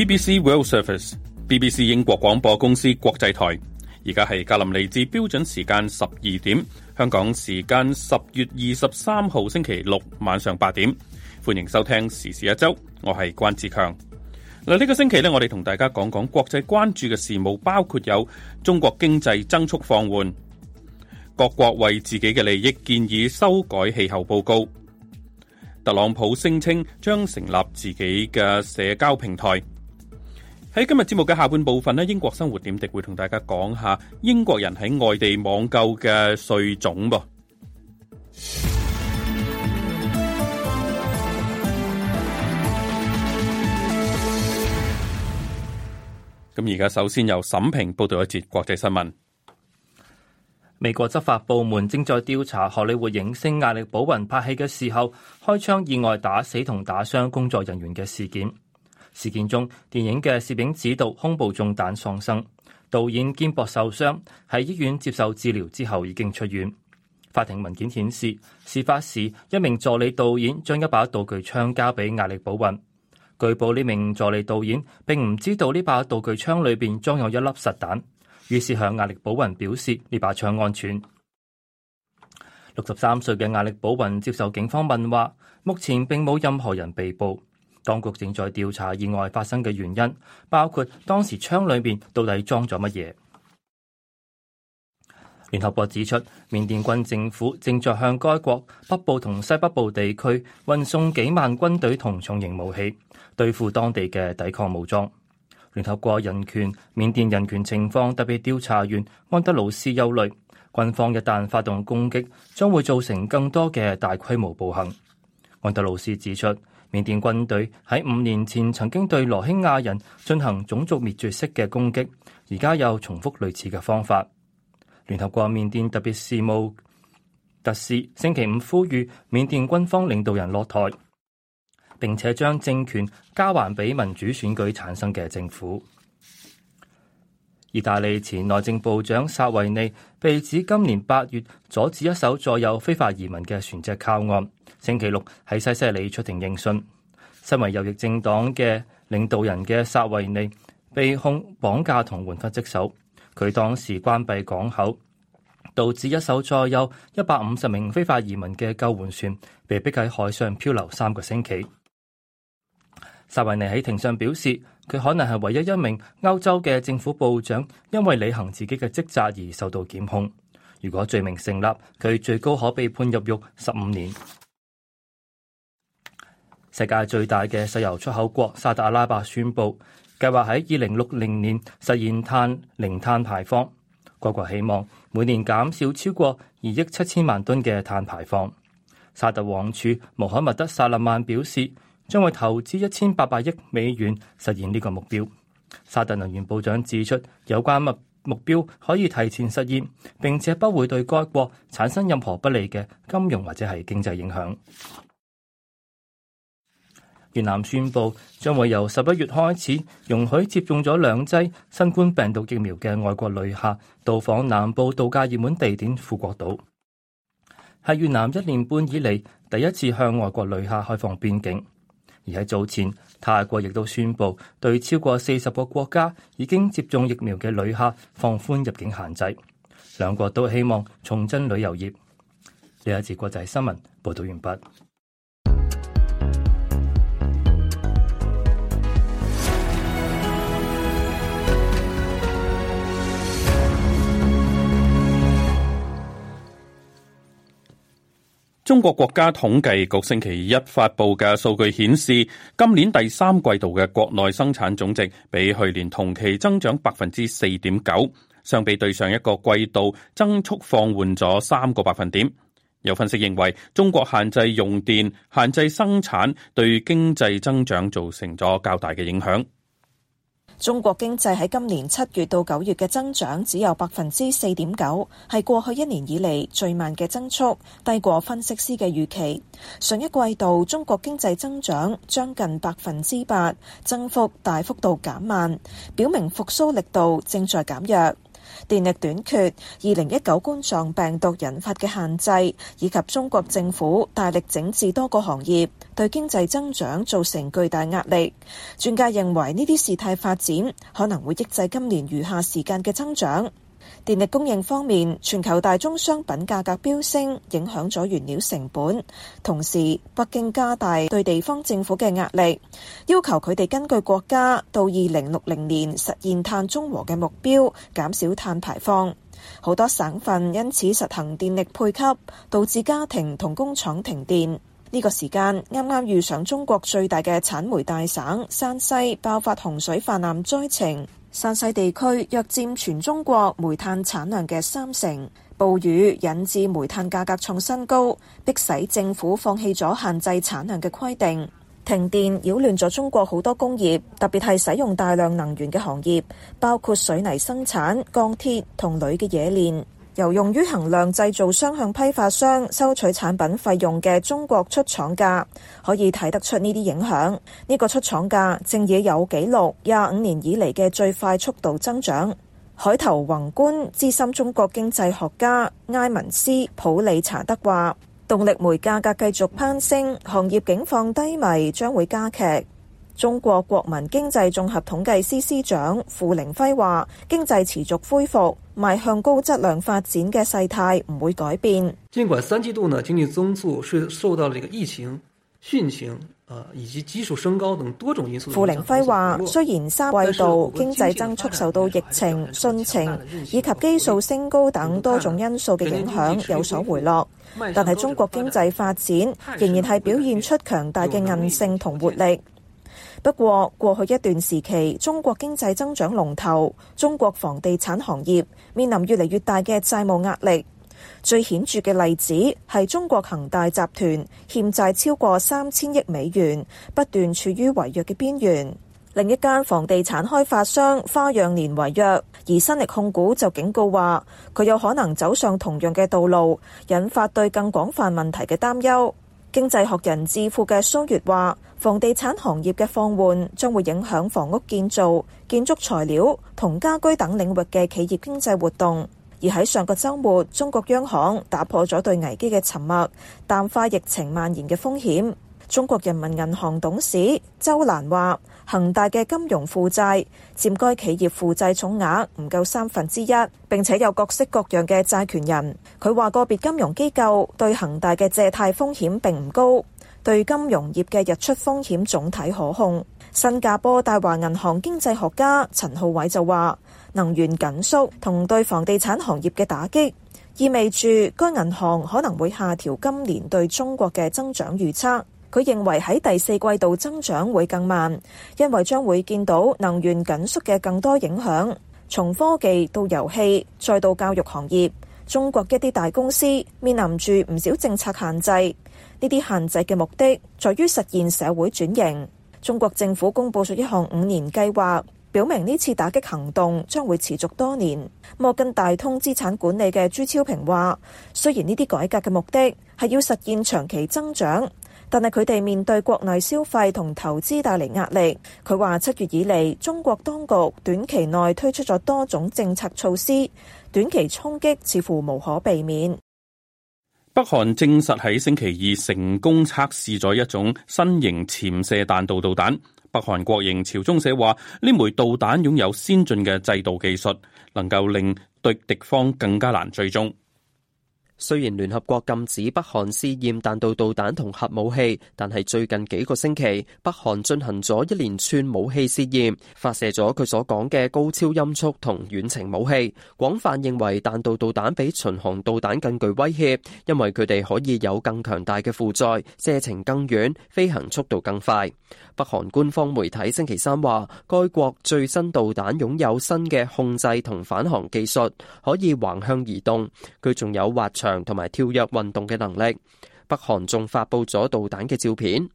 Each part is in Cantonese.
BBC World Service，BBC 英國廣播公司國際台。而家係格林尼治標準時間十二點，香港時間十月二十三號星期六晚上八點。歡迎收聽時事一周，我係關志強。嗱，呢個星期咧，我哋同大家講講國際關注嘅事務，包括有中國經濟增速放緩、各國為自己嘅利益建議修改氣候報告、特朗普聲稱將成立自己嘅社交平台。喺今日節目嘅下半部分，呢英國生活點滴會同大家講下英國人喺外地網購嘅稅種噃。咁而家首先由沈平報道一節國際新聞。美國執法部門正在調查荷里活影星亞歷寶雲拍戲嘅時候，開槍意外打死同打傷工作人員嘅事件。事件中，電影嘅攝影指導胸部中彈喪生，導演肩膊受傷，喺醫院接受治療之後已經出院。法庭文件顯示，事發時一名助理導演將一把道具槍交俾壓力保雲。據報呢名助理導演並唔知道呢把道具槍裏邊裝有一粒實彈，於是向壓力保雲表示呢把槍安全。六十三歲嘅壓力保雲接受警方問話，目前並冇任何人被捕。當局正在調查意外發生嘅原因，包括當時槍裏面到底裝咗乜嘢。聯合國指出，緬甸軍政府正在向該國北部同西北部地區運送幾萬軍隊同重型武器，對付當地嘅抵抗武裝。聯合國人權緬甸人權情況特別調查員安德魯斯憂慮，軍方一旦發動攻擊，將會造成更多嘅大規模暴行。安德魯斯指出。緬甸軍隊喺五年前曾經對羅興亞人進行種族滅絕式嘅攻擊，而家又重複類似嘅方法。聯合國緬甸特別事務特使星期五呼籲緬甸軍方領導人落台，並且將政權交還俾民主選舉產生嘅政府。意大利前內政部長薩維尼被指今年八月阻止一艘載有非法移民嘅船隻靠岸，星期六喺西西里出庭應訊。身為右翼政黨嘅領導人嘅薩維尼被控綁架同玩忽職守，佢當時關閉港口，導致一艘載有一百五十名非法移民嘅救援船被逼喺海上漂流三個星期。薩維尼喺庭上表示。佢可能係唯一一名歐洲嘅政府部長，因為履行自己嘅職責而受到檢控。如果罪名成立，佢最高可被判入獄十五年。世界最大嘅石油出口國沙特阿拉伯宣布，計劃喺二零六零年實現碳零碳排放。國國希望每年減少超過二億七千萬噸嘅碳排放。沙特王儲穆罕默德·薩勒曼表示。將會投資一千八百億美元實現呢個目標。沙特能源部長指出，有關目目標可以提前實現，並且不會對該國產生任何不利嘅金融或者係經濟影響。越南宣布將會由十一月開始容許接種咗兩劑新冠病毒疫苗嘅外國旅客到訪南部度假熱門地點富國島，係越南一年半以嚟第一次向外國旅客開放邊境。而喺早前，泰國亦都宣布對超過四十個國家已經接種疫苗嘅旅客放寬入境限制。兩國都希望重振旅遊業。呢一次國際新聞報導完畢。中國國家統計局星期一發佈嘅數據顯示，今年第三季度嘅國內生產總值比去年同期增長百分之四點九，相比對上一個季度增速放緩咗三個百分點。有分析認為，中國限制用電、限制生產，對經濟增長造成咗較大嘅影響。中國經濟喺今年七月到九月嘅增長只有百分之四點九，係過去一年以嚟最慢嘅增速，低過分析師嘅預期。上一季度中國經濟增長將近百分之八，增幅大幅度減慢，表明復蘇力度正在減弱。電力短缺、二零一九冠狀病毒引發嘅限制，以及中國政府大力整治多個行業，對經濟增長造成巨大壓力。專家認為，呢啲事態發展可能會抑制今年餘下時間嘅增長。電力供應方面，全球大宗商品價格飆升，影響咗原料成本。同時，北京加大對地方政府嘅壓力，要求佢哋根據國家到二零六零年實現碳中和嘅目標，減少碳排放。好多省份因此實行電力配給，導致家庭同工廠停電。呢、這個時間啱啱遇上中國最大嘅產煤大省山西爆發洪水泛濫災情。山西地區約佔全中國煤炭產量嘅三成，暴雨引致煤炭價格創新高，迫使政府放棄咗限制產量嘅規定。停電擾亂咗中國好多工業，特別係使用大量能源嘅行業，包括水泥生產、鋼鐵同鋁嘅冶煉。由用於衡量製造商向批發商收取產品費用嘅中國出廠價可以睇得出呢啲影響，呢個出廠價正野有紀錄廿五年以嚟嘅最快速度增長，海頭宏觀資深中國經濟學家埃文斯普理查德話動力煤價格繼續攀升，行業景況低迷將會加劇。中國國民經濟綜合統計司司長傅靈輝話：經濟持續恢復，邁向高質量發展嘅勢態唔會改變。儘管三季度呢經濟增速受到疫情、汛情、以及基數升高等多種因素，傅靈輝話：雖然三季度經濟增速受到疫情、汛情以及基數升高等多種因素嘅影響有所回落，但係中國經濟發展仍然係表現出強大嘅韌性同活力。不過，過去一段時期，中國經濟增長龍頭中國房地產行業面臨越嚟越大嘅債務壓力。最顯著嘅例子係中國恒大集團欠債超過三千億美元，不斷處於違約嘅邊緣。另一間房地產開發商花樣年違約，而新力控股就警告話佢有可能走上同樣嘅道路，引發對更廣泛問題嘅擔憂。經濟學人智庫嘅蘇月話，房地產行業嘅放緩將會影響房屋建造、建築材料同家居等領域嘅企業經濟活動。而喺上個周末，中國央行打破咗對危機嘅沉默，淡化疫情蔓延嘅風險。中國人民銀行董事周蘭話：恒大嘅金融負債佔該企業負債總額唔夠三分之一，並且有各式各樣嘅債權人。佢話個別金融機構對恒大嘅借貸風險並唔高，對金融業嘅溢出風險總體可控。新加坡大華銀行經濟學家陳浩偉就話，能源緊縮同對房地產行業嘅打擊，意味住該銀行可能會下調今年對中國嘅增長預測。佢認為喺第四季度增長會更慢，因為將會見到能源緊縮嘅更多影響。從科技到遊戲，再到教育行業，中國一啲大公司面臨住唔少政策限制。呢啲限制嘅目的，在於實現社會轉型。中國政府公佈咗一項五年計劃，表明呢次打擊行動將會持續多年。摩根大通資產管理嘅朱超平話，雖然呢啲改革嘅目的係要實現長期增長。但係佢哋面對國內消費同投資帶嚟壓力，佢話七月以嚟，中國當局短期內推出咗多種政策措施，短期衝擊似乎無可避免。北韓證實喺星期二成功測試咗一種新型潛射彈道導彈。北韓國營朝中社話，呢枚導彈擁有先進嘅制導技術，能夠令對敵方更加難追蹤。雖然聯合國禁止北韓試驗彈道導彈同核武器，但係最近幾個星期，北韓進行咗一連串武器試驗，發射咗佢所講嘅高超音速同遠程武器。廣泛認為彈道導彈比巡航導彈更具威脅，因為佢哋可以有更強大嘅負載、射程更遠、飛行速度更快。北韓官方媒體星期三話，該國最新導彈擁有新嘅控制同返航技術，可以橫向移動。佢仲有滑翔，同埋跳躍運動嘅能力，北韓仲發布咗導彈嘅照片。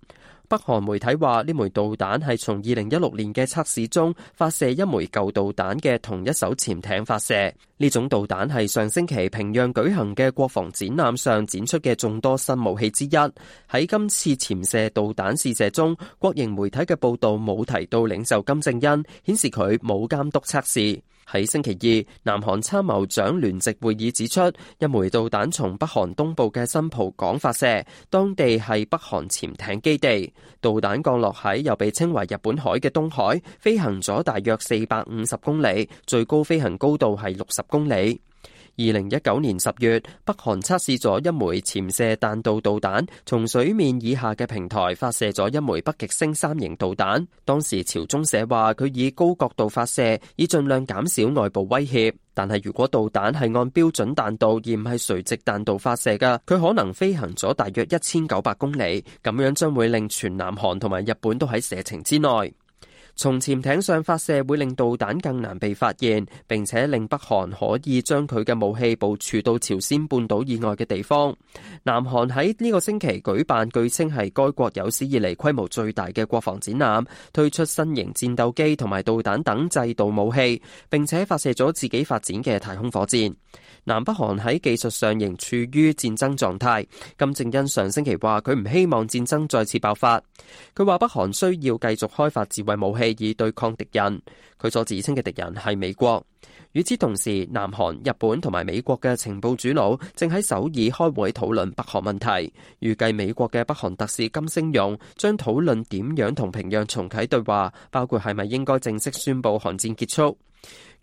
北韓媒體話呢枚導彈係從二零一六年嘅測試中發射一枚舊導彈嘅同一艘潛艇發射。呢種導彈係上星期平壤舉行嘅國防展覽上展出嘅眾多新武器之一。喺今次潛射導彈試射中，國營媒體嘅報導冇提到領袖金正恩，顯示佢冇監督測試。喺星期二，南韓參謀長聯席會議指出，一枚導彈從北韓東部嘅新浦港發射，當地係北韓潛艇基地。導彈降落喺又被稱為日本海嘅東海，飛行咗大約四百五十公里，最高飛行高度係六十公里。二零一九年十月，北韓測試咗一枚潛射彈道導彈，從水面以下嘅平台發射咗一枚北極星三型導彈。當時朝中社話佢以高角度發射，以盡量減少外部威脅。但係如果導彈係按標準彈道，而唔係垂直彈道發射嘅，佢可能飛行咗大約一千九百公里，咁樣將會令全南韓同埋日本都喺射程之內。從潛艇上發射會令導彈更難被發現，並且令北韓可以將佢嘅武器部署到朝鮮半島以外嘅地方。南韓喺呢個星期舉辦，據稱係該國有史以嚟規模最大嘅國防展覽，推出新型戰鬥機同埋導彈等制導武器，並且發射咗自己發展嘅太空火箭。南北韓喺技術上仍處於戰爭狀態。金正恩上星期話佢唔希望戰爭再次爆發。佢話北韓需要繼續開發自衛武器，以對抗敵人，佢所自稱嘅敵人係美國。與此同時，南韓、日本同埋美國嘅情報主腦正喺首爾開會討論北韓問題，預計美國嘅北韓特使金星勇將討論點樣同平壤重啟對話，包括係咪應該正式宣布韓戰結束。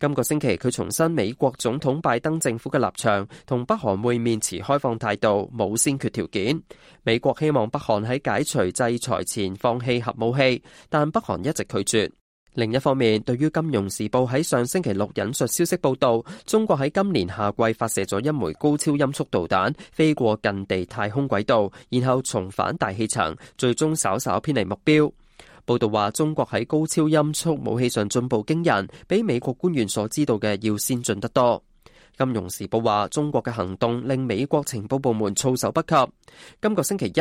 今個星期佢重申美國總統拜登政府嘅立場，同北韓會面持開放態度，冇先決條件。美國希望北韓喺解除制裁前放棄核武器，但北韓一直拒絕。另一方面，對於金融時報喺上星期六引述消息報道，中國喺今年夏季發射咗一枚高超音速導彈，飛過近地太空軌道，然後重返大氣層，最終稍稍偏離目標。報道話，中國喺高超音速武器上進步驚人，比美國官員所知道嘅要先進得多。金融時報話，中國嘅行動令美國情報部門措手不及。今個星期一，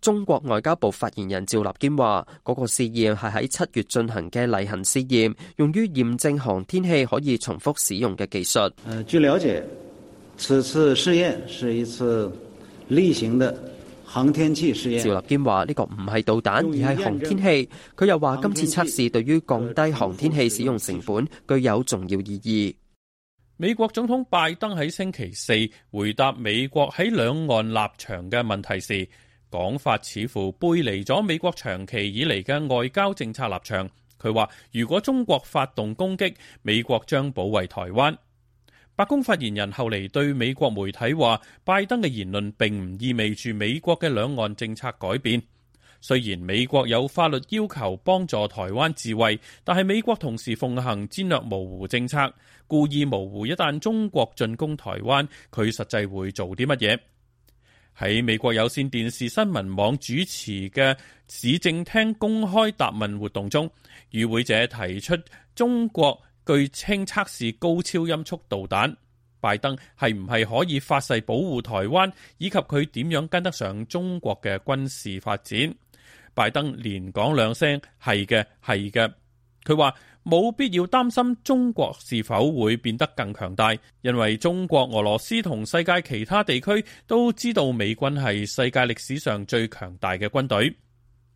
中國外交部發言人趙立堅話，嗰個試驗係喺七月進行嘅例行試驗，用於驗證航天器可以重複使用嘅技術。嗯，據了解，此次試驗是一次例行的。航天器試驗。趙立堅話：呢個唔係導彈，而係航天器。佢又話：今次測試對於降低航天器使用成本具有重要意義。美國總統拜登喺星期四回答美國喺兩岸立場嘅問題時，講法似乎背離咗美國長期以嚟嘅外交政策立場。佢話：如果中國發動攻擊，美國將保衛台灣。白宮發言人後嚟對美國媒體話，拜登嘅言論並唔意味住美國嘅兩岸政策改變。雖然美國有法律要求幫助台灣自衛，但係美國同時奉行戰略模糊政策，故意模糊一旦中國進攻台灣，佢實際會做啲乜嘢？喺美國有線電視新聞網主持嘅市政廳公開答問活動中，與會者提出中國。據稱測試高超音速導彈，拜登係唔係可以發誓保護台灣，以及佢點樣跟得上中國嘅軍事發展？拜登連講兩聲，係嘅，係嘅。佢話冇必要擔心中國是否會變得更強大，因為中國、俄羅斯同世界其他地區都知道美軍係世界歷史上最強大嘅軍隊。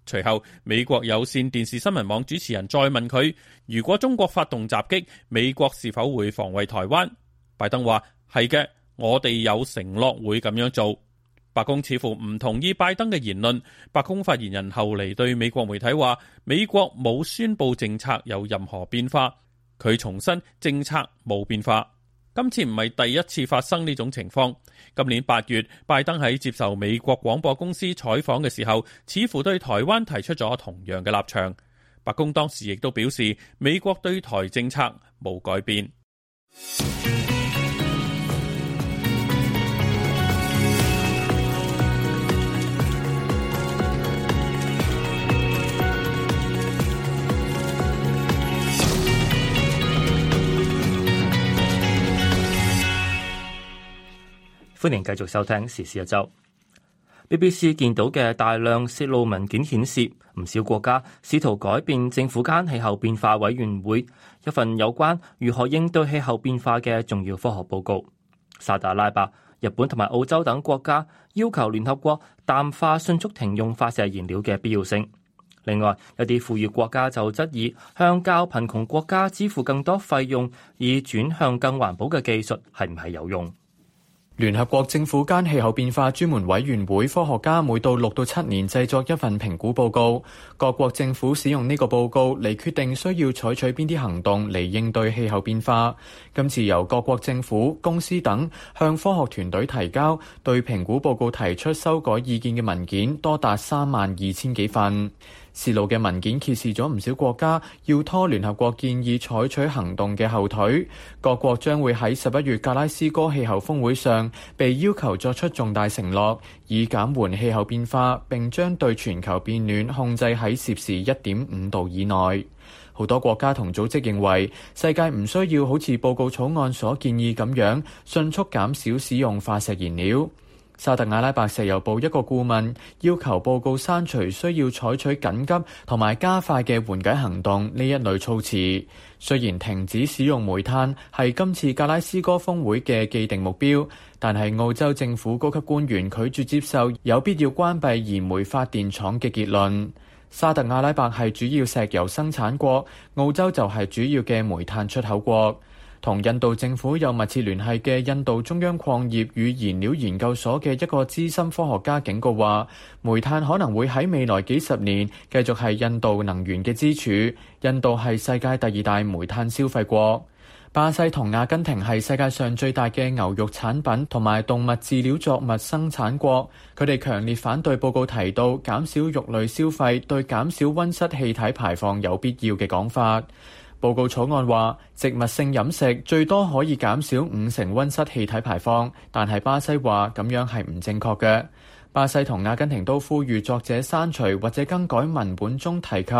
隨後，美國有線電視新聞網主持人再問佢：如果中國發動襲擊，美國是否會防衛台灣？拜登話：係嘅，我哋有承諾會咁樣做。白宮似乎唔同意拜登嘅言論。白宮發言人後嚟對美國媒體話：美國冇宣布政策有任何變化。佢重申政策冇變化。今次唔係第一次發生呢種情況。今年八月，拜登喺接受美國廣播公司採訪嘅時候，似乎對台灣提出咗同樣嘅立場。白宮當時亦都表示，美國對台政策冇改變。歡迎繼續收聽時事一周。BBC 見到嘅大量洩露文件顯示，唔少國家試圖改變政府間氣候變化委員會一份有關如何應對氣候變化嘅重要科學報告。沙特阿拉伯、日本同埋澳洲等國家要求聯合國淡化迅速停用化石燃料嘅必要性。另外，有啲富裕國家就質疑向較貧窮國家支付更多費用以轉向更環保嘅技術係唔係有用。聯合國政府間氣候變化專門委員會科學家每到六到七年製作一份評估報告，各國政府使用呢個報告嚟決定需要採取邊啲行動嚟應對氣候變化。今次由各國政府、公司等向科學團隊提交對評估報告提出修改意見嘅文件，多達三萬二千幾份。洩露嘅文件揭示咗唔少國家要拖聯合國建議採取行動嘅後腿，各國將會喺十一月格拉斯哥氣候峰會上被要求作出重大承諾，以減緩氣候變化，並將對全球變暖控制喺攝氏一點五度以內。好多國家同組織認為，世界唔需要好似報告草案所建議咁樣迅速減少使用化石燃料。沙特阿拉伯石油部一個顧問要求報告刪除需要採取緊急同埋加快嘅緩解行動呢一類措辭，雖然停止使用煤炭係今次格拉斯哥峰會嘅既定目標，但係澳洲政府高級官員拒絕接受有必要關閉燃煤發電廠嘅結論。沙特阿拉伯係主要石油生產國，澳洲就係主要嘅煤炭出口國。同印度政府有密切聯繫嘅印度中央礦業與燃料研究所嘅一個資深科學家警告話，煤炭可能會喺未來幾十年繼續係印度能源嘅支柱。印度係世界第二大煤炭消費國，巴西同阿根廷係世界上最大嘅牛肉產品同埋動物飼料作物生產國，佢哋強烈反對報告提到減少肉類消費對減少溫室氣體排放有必要嘅講法。報告草案話，植物性飲食最多可以減少五成溫室氣體排放，但係巴西話咁樣係唔正確嘅。巴西同阿根廷都呼籲作者刪除或者更改文本中提及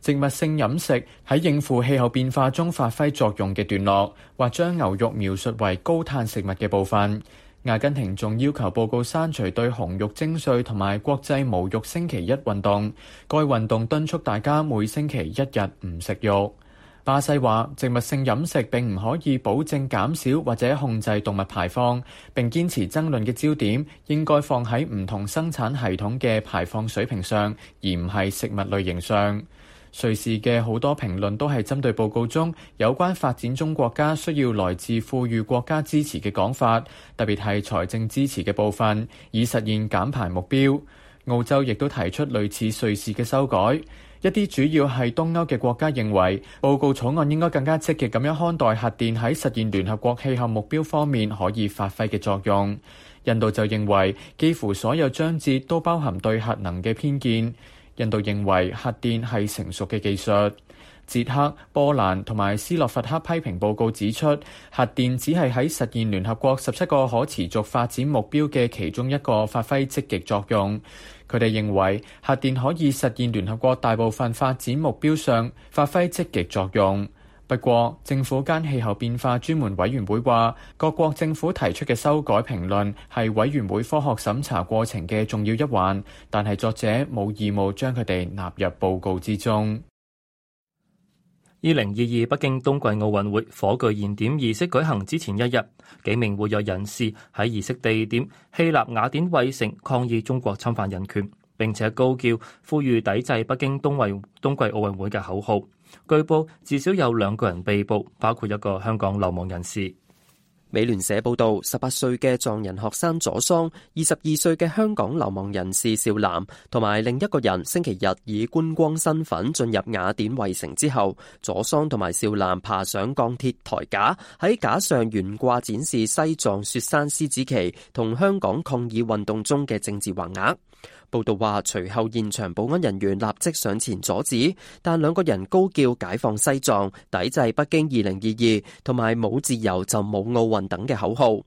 植物性飲食喺應付氣候變化中發揮作用嘅段落，或將牛肉描述為高碳食物嘅部分。阿根廷仲要求報告刪除對紅肉徵稅同埋國際無肉星期一運動。該運動敦促大家每星期一日唔食肉。巴西話：植物性飲食並唔可以保證減少或者控制動物排放。並堅持爭論嘅焦點應該放喺唔同生產系統嘅排放水平上，而唔係食物類型上。瑞士嘅好多評論都係針對報告中有關發展中國家需要來自富裕國家支持嘅講法，特別係財政支持嘅部分，以實現減排目標。澳洲亦都提出類似瑞士嘅修改。一啲主要係東歐嘅國家認為報告草案應該更加積極咁樣看待核電喺實現聯合國氣候目標方面可以發揮嘅作用。印度就認為幾乎所有章節都包含對核能嘅偏見，印度認為核電係成熟嘅技術。捷克、波蘭同埋斯洛伐克批評報告指出，核電只係喺實現聯合國十七個可持續發展目標嘅其中一個發揮積極作用。佢哋認為核電可以實現聯合國大部分發展目標上發揮積極作用。不過，政府間氣候變化專門委員會話，各國政府提出嘅修改評論係委員會科學審查過程嘅重要一環，但係作者冇義務將佢哋納入報告之中。二零二二北京冬季奧運會火炬燃點儀式舉行之前一日，幾名活躍人士喺儀式地點希臘雅典衛城抗議中國侵犯人權，並且高叫呼籲抵制北京冬冬季奧運會嘅口號。據報，至少有兩個人被捕，包括一個香港流亡人士。美聯社報道，十八歲嘅藏人學生佐桑，二十二歲嘅香港流亡人士少男，同埋另一個人，星期日以觀光身份進入雅典衛城之後，佐桑同埋少男爬上鋼鐵台架，喺架上懸掛展示西藏雪山獅子旗同香港抗議運動中嘅政治橫額。報道話，隨後現場保安人員立即上前阻止，但兩個人高叫“解放西藏”、“抵制北京二零二二”同埋“冇自由就冇奧運”等嘅口號。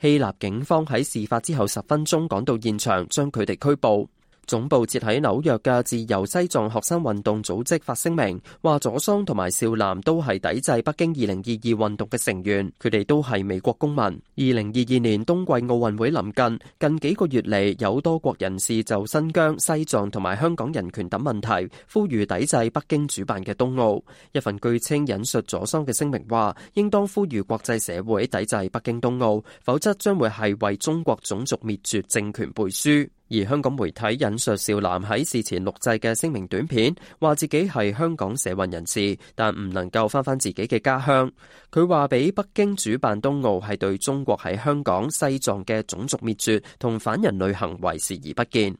希臘警方喺事發之後十分鐘趕到現場，將佢哋拘捕。總部設喺紐約嘅自由西藏學生運動組織發聲明，話佐桑同埋少男都係抵制北京二零二二運動嘅成員，佢哋都係美國公民。二零二二年冬季奧運會臨近，近幾個月嚟有多國人士就新疆、西藏同埋香港人權等問題呼籲抵制北京主辦嘅冬奧。一份據稱引述佐桑嘅聲明話，應當呼籲國際社會抵制北京冬奧，否則將會係為中國種族滅絕政權背書。而香港媒體引述少男喺事前錄製嘅聲明短片，話自己係香港社運人士，但唔能夠翻返自己嘅家鄉。佢話俾北京主辦冬奧係對中國喺香港、西藏嘅種族滅絕同反人類行為視而不見。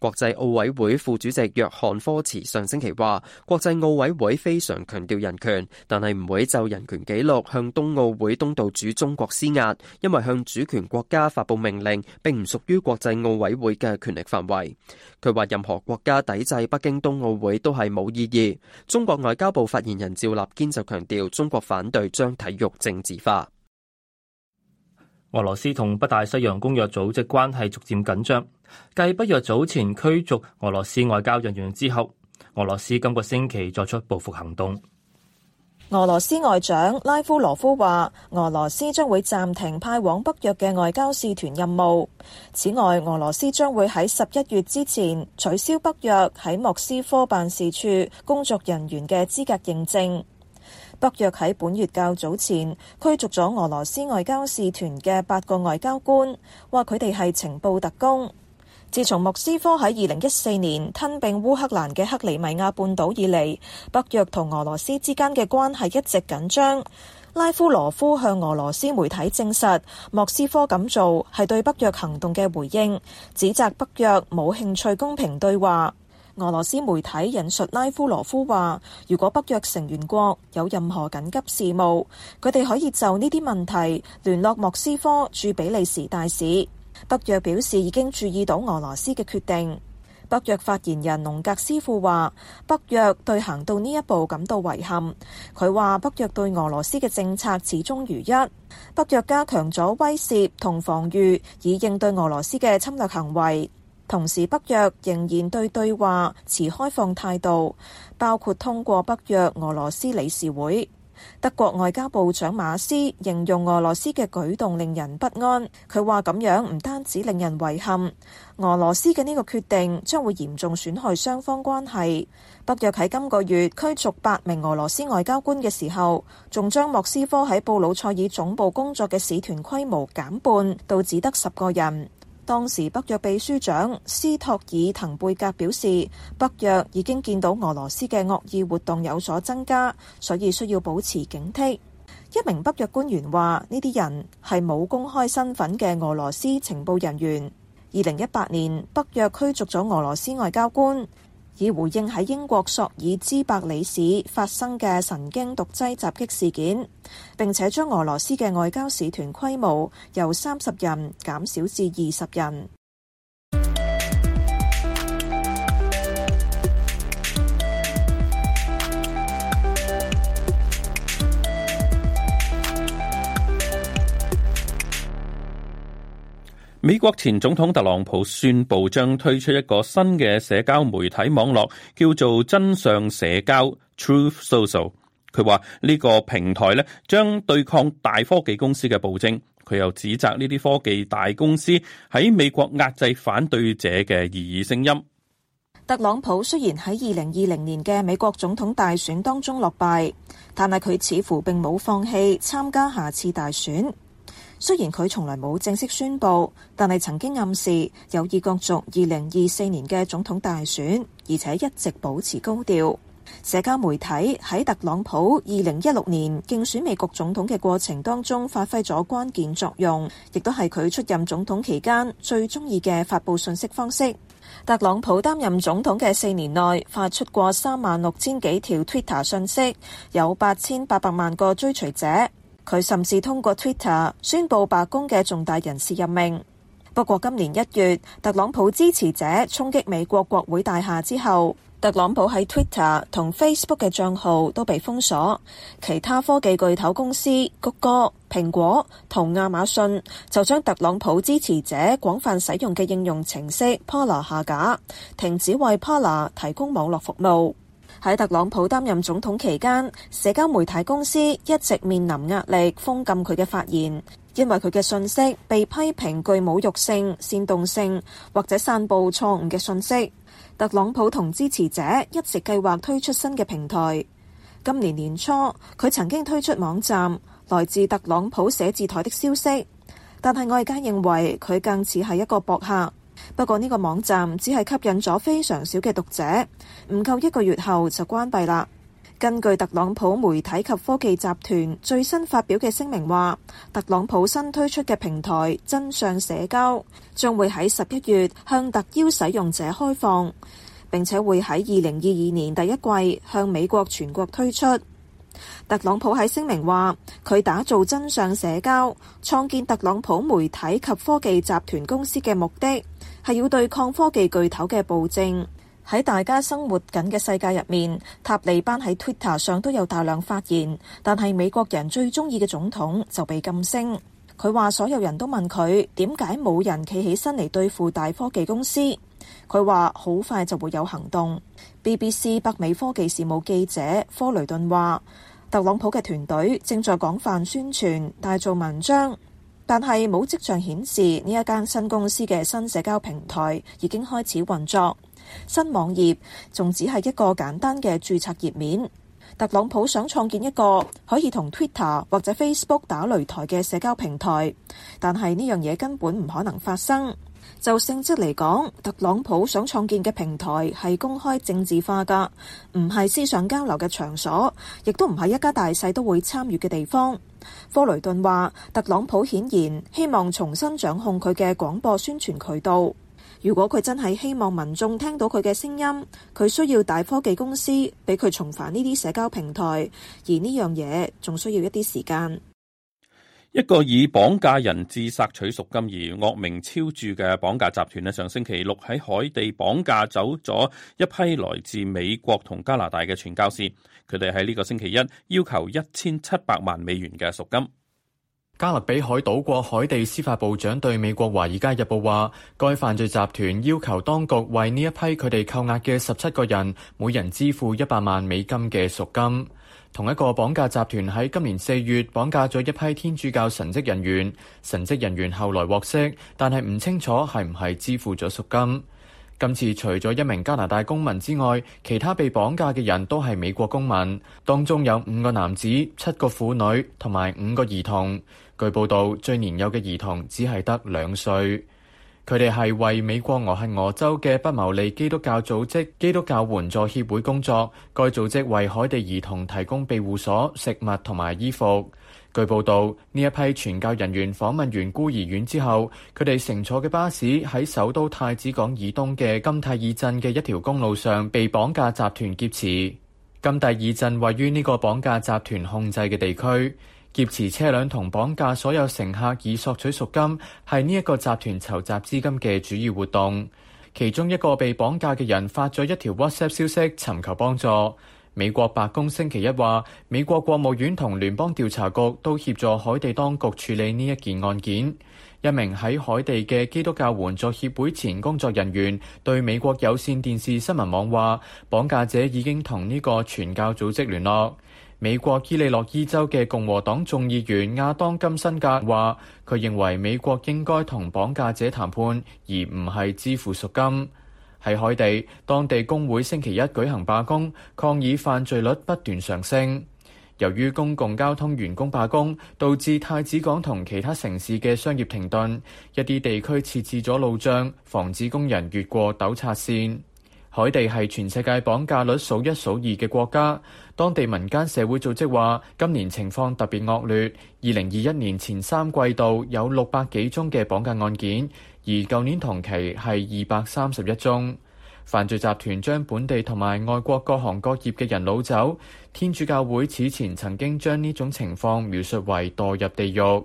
國際奧委會副主席約翰科茨上星期話，國際奧委會非常強調人權，但係唔會就人權紀錄向冬奧會東道主中國施壓，因為向主權國家發佈命令並唔屬於國際奧委會嘅權力範圍。佢話任何國家抵制北京冬奧會都係冇意義。中國外交部發言人趙立堅就強調，中國反對將體育政治化。俄羅斯同北大西洋公約組織關係逐漸緊張。繼北約早前驅逐俄羅斯外交人員之後，俄羅斯今個星期作出報復行動。俄羅斯外長拉夫羅夫話，俄羅斯將會暫停派往北約嘅外交使團任務。此外，俄羅斯將會喺十一月之前取消北約喺莫斯科辦事處工作人員嘅資格認證。北約喺本月較早前驅逐咗俄羅斯外交使團嘅八個外交官，話佢哋係情報特工。自從莫斯科喺二零一四年吞併烏克蘭嘅克里米亞半島以嚟，北約同俄羅斯之間嘅關係一直緊張。拉夫羅夫向俄羅斯媒體證實，莫斯科咁做係對北約行動嘅回應，指責北約冇興趣公平對話。俄羅斯媒體引述拉夫羅夫話，如果北約成員國有任何緊急事務，佢哋可以就呢啲問題聯絡莫斯科駐比利時大使。北約表示已經注意到俄羅斯嘅決定。北約發言人龍格斯庫話，北約對行到呢一步感到遺憾。佢話北約對俄羅斯嘅政策始終如一。北約加強咗威懾同防禦，以應對俄羅斯嘅侵略行為。同時，北約仍然對對話持開放態度，包括通過北約俄羅斯理事會。德國外交部長馬斯形容俄羅斯嘅舉動令人不安，佢話咁樣唔單止令人遺憾，俄羅斯嘅呢個決定將會嚴重損害雙方關係。北約喺今個月驅逐八名俄羅斯外交官嘅時候，仲將莫斯科喺布魯塞爾總部工作嘅使團規模減半，到只得十個人。當時北約秘書長斯托爾滕貝格表示，北約已經見到俄羅斯嘅惡意活動有所增加，所以需要保持警惕。一名北約官員話：呢啲人係冇公開身份嘅俄羅斯情報人員。二零一八年，北約驅逐咗俄羅斯外交官。以回應喺英國索爾茲伯里市發生嘅神經毒劑襲擊事件，並且將俄羅斯嘅外交使團規模由三十人減少至二十人。美國前總統特朗普宣佈將推出一個新嘅社交媒體網絡，叫做真相社交 （Truth Social）。佢話呢個平台咧將對抗大科技公司嘅暴政。佢又指責呢啲科技大公司喺美國壓制反對者嘅異議聲音。特朗普雖然喺二零二零年嘅美國總統大選當中落敗，但係佢似乎並冇放棄參加下次大選。雖然佢從來冇正式宣布，但係曾經暗示有意角逐二零二四年嘅總統大選，而且一直保持高調。社交媒體喺特朗普二零一六年競選美國總統嘅過程當中發揮咗關鍵作用，亦都係佢出任總統期間最鍾意嘅發布信息方式。特朗普擔任總統嘅四年內發出過三萬六千幾條 Twitter 信息，有八千八百萬個追隨者。佢甚至通過 Twitter 宣佈白宮嘅重大人事任命。不過今年一月，特朗普支持者衝擊美國國會大廈之後，特朗普喺 Twitter 同 Facebook 嘅帳號都被封鎖。其他科技巨頭公司谷歌、蘋果同亞馬遜就將特朗普支持者廣泛使用嘅應用程式 Parler 下架，停止為 Parler 提供網絡服務。喺特朗普擔任總統期間，社交媒體公司一直面臨壓力，封禁佢嘅發言，因為佢嘅訊息被批評具侮辱性、煽動性或者散佈錯誤嘅訊息。特朗普同支持者一直計劃推出新嘅平台。今年年初，佢曾經推出網站來自特朗普寫字台的消息，但係外界認為佢更似係一個博客。不過呢個網站只係吸引咗非常少嘅讀者，唔夠一個月後就關閉啦。根據特朗普媒體及科技集團最新發表嘅聲明話，特朗普新推出嘅平台真相社交將會喺十一月向特邀使用者開放，並且會喺二零二二年第一季向美國全國推出。特朗普喺聲明話，佢打造真相社交、創建特朗普媒體及科技集團公司嘅目的，係要對抗科技巨頭嘅暴政。喺大家生活緊嘅世界入面，塔利班喺 Twitter 上都有大量發言，但係美國人最中意嘅總統就被禁聲。佢話所有人都問佢點解冇人企起身嚟對付大科技公司。佢話好快就會有行動。BBC 北美科技事務記者科雷頓話：特朗普嘅團隊正在廣泛宣傳，大做文章。但係冇跡象顯示，呢一間新公司嘅新社交平台已經開始運作，新網頁仲只係一個簡單嘅註冊頁面。特朗普想創建一個可以同 Twitter 或者 Facebook 打擂台嘅社交平台，但係呢樣嘢根本唔可能發生。就性質嚟講，特朗普想創建嘅平台係公開政治化㗎，唔係思想交流嘅場所，亦都唔係一家大細都會參與嘅地方。科雷頓話：特朗普顯然希望重新掌控佢嘅廣播宣傳渠道。如果佢真係希望民眾聽到佢嘅聲音，佢需要大科技公司俾佢重返呢啲社交平台，而呢樣嘢仲需要一啲時間。一個以綁架人質索取贖金而惡名昭著嘅綁架集團咧，上星期六喺海地綁架走咗一批來自美國同加拿大嘅傳教士，佢哋喺呢個星期一要求一千七百萬美元嘅贖金。加勒比海島國海地司法部長對美國《華爾街日報》話，該犯罪集團要求當局為呢一批佢哋扣押嘅十七個人，每人支付一百萬美金嘅贖金。同一個綁架集團喺今年四月綁架咗一批天主教神職人員，神職人員後來獲釋，但係唔清楚係唔係支付咗贖金。今次除咗一名加拿大公民之外，其他被綁架嘅人都係美國公民，當中有五個男子，七個婦女同埋五個兒童。據報道，最年幼嘅兒童只係得兩歲。佢哋係為美國俄亥俄州嘅不牟利基督教組織基督教援助協會工作，該組織為海地兒童提供庇護所、食物同埋衣服。據報道，呢一批傳教人員訪問完孤兒院之後，佢哋乘坐嘅巴士喺首都太子港以東嘅金泰爾鎮嘅一條公路上被綁架集團劫持。金泰爾鎮位於呢個綁架集團控制嘅地區。劫持車輛同綁架所有乘客以索取贖金，係呢一個集團籌集資金嘅主要活動。其中一個被綁架嘅人發咗一條 WhatsApp 消息尋求幫助。美國白宮星期一話，美國國務院同聯邦調查局都協助海地當局處理呢一件案件。一名喺海地嘅基督教援助協助協會前工作人員對美國有線電視新聞網話：綁架者已經同呢個傳教組織聯絡。美國伊利諾伊州嘅共和黨眾議員亞當金申格話，佢認為美國應該同綁架者談判，而唔係支付贖金。喺海地，當地工會星期一舉行罷工，抗議犯罪率不斷上升。由於公共交通員工罷工，導致太子港同其他城市嘅商業停頓。一啲地區設置咗路障，防止工人越過鬥察線。海地係全世界綁架率數一數二嘅國家。當地民間社會組織話，今年情況特別惡劣。二零二一年前三季度有六百幾宗嘅綁架案件，而舊年同期係二百三十一宗。犯罪集團將本地同埋外國各行各業嘅人擄走。天主教會此前曾經將呢種情況描述為墮入地獄。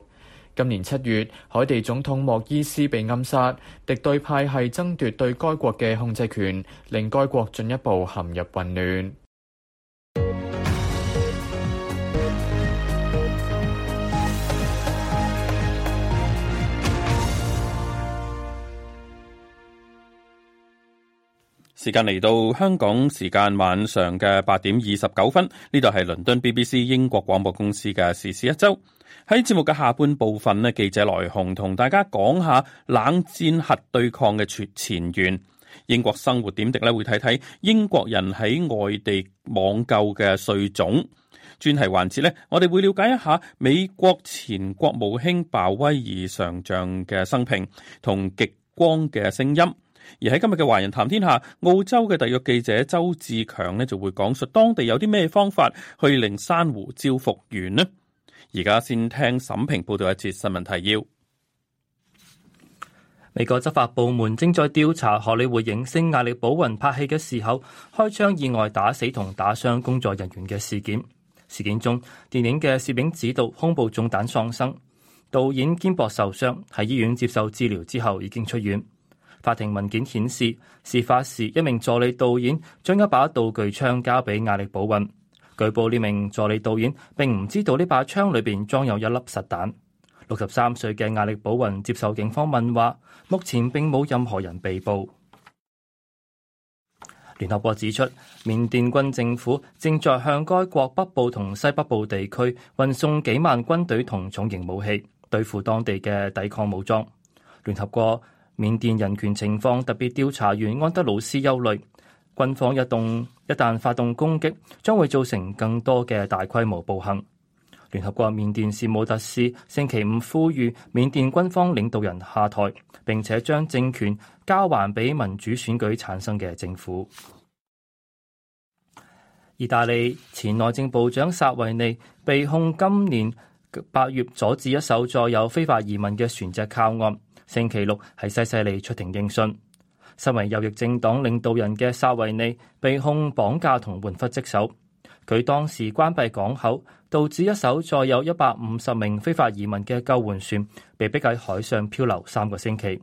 今年七月，海地總統莫伊斯被暗殺，敵對派系爭奪對該國嘅控制權，令該國進一步陷入混亂。時間嚟到香港時間晚上嘅八點二十九分，呢度係倫敦 BBC 英國廣播公司嘅時事一周。喺節目嘅下半部分呢，記者來鴻同大家講下冷戰核對抗嘅前前沿。英國生活點滴呢，會睇睇英國人喺外地網購嘅稅種。專題環節呢，我哋會了解一下美國前國務卿鮑威爾上將嘅生平同極光嘅聲音。而喺今日嘅華人談天下，澳洲嘅特約記者周志強呢，就會講述當地有啲咩方法去令珊瑚礁復原呢？而家先聽沈平報道一節新聞提要。美國執法部門正在調查荷里活影星亞歷保雲拍戲嘅時候開槍意外打死同打傷工作人員嘅事件。事件中，電影嘅攝影指導胸部中彈喪生，導演肩膊受傷，喺醫院接受治療之後已經出院。法庭文件顯示，事發時一名助理導演將一把道具槍交俾亞歷保雲。據報，呢名助理導演並唔知道呢把槍裏邊裝有一粒實彈。六十三歲嘅亞力保雲接受警方問話，目前並冇任何人被捕。聯合國指出，緬甸軍政府正在向該國北部同西北部地區運送幾萬軍隊同重型武器，對付當地嘅抵抗武裝。聯合國緬甸人權情況特別調查員安德魯斯憂慮，軍方一動。一旦發動攻擊，將會造成更多嘅大規模暴行。聯合國緬甸事務特使星期五呼籲緬甸軍方領導人下台，並且將政權交還俾民主選舉產生嘅政府。意大利前內政部長薩維尼被控今年八月阻止一艘載有非法移民嘅船隻靠岸，星期六喺西西里出庭應訊。身為右翼政黨領導人嘅薩維尼被控綁架同玩忽職守，佢當時關閉港口，導致一艘載有一百五十名非法移民嘅救援船被逼喺海上漂流三個星期。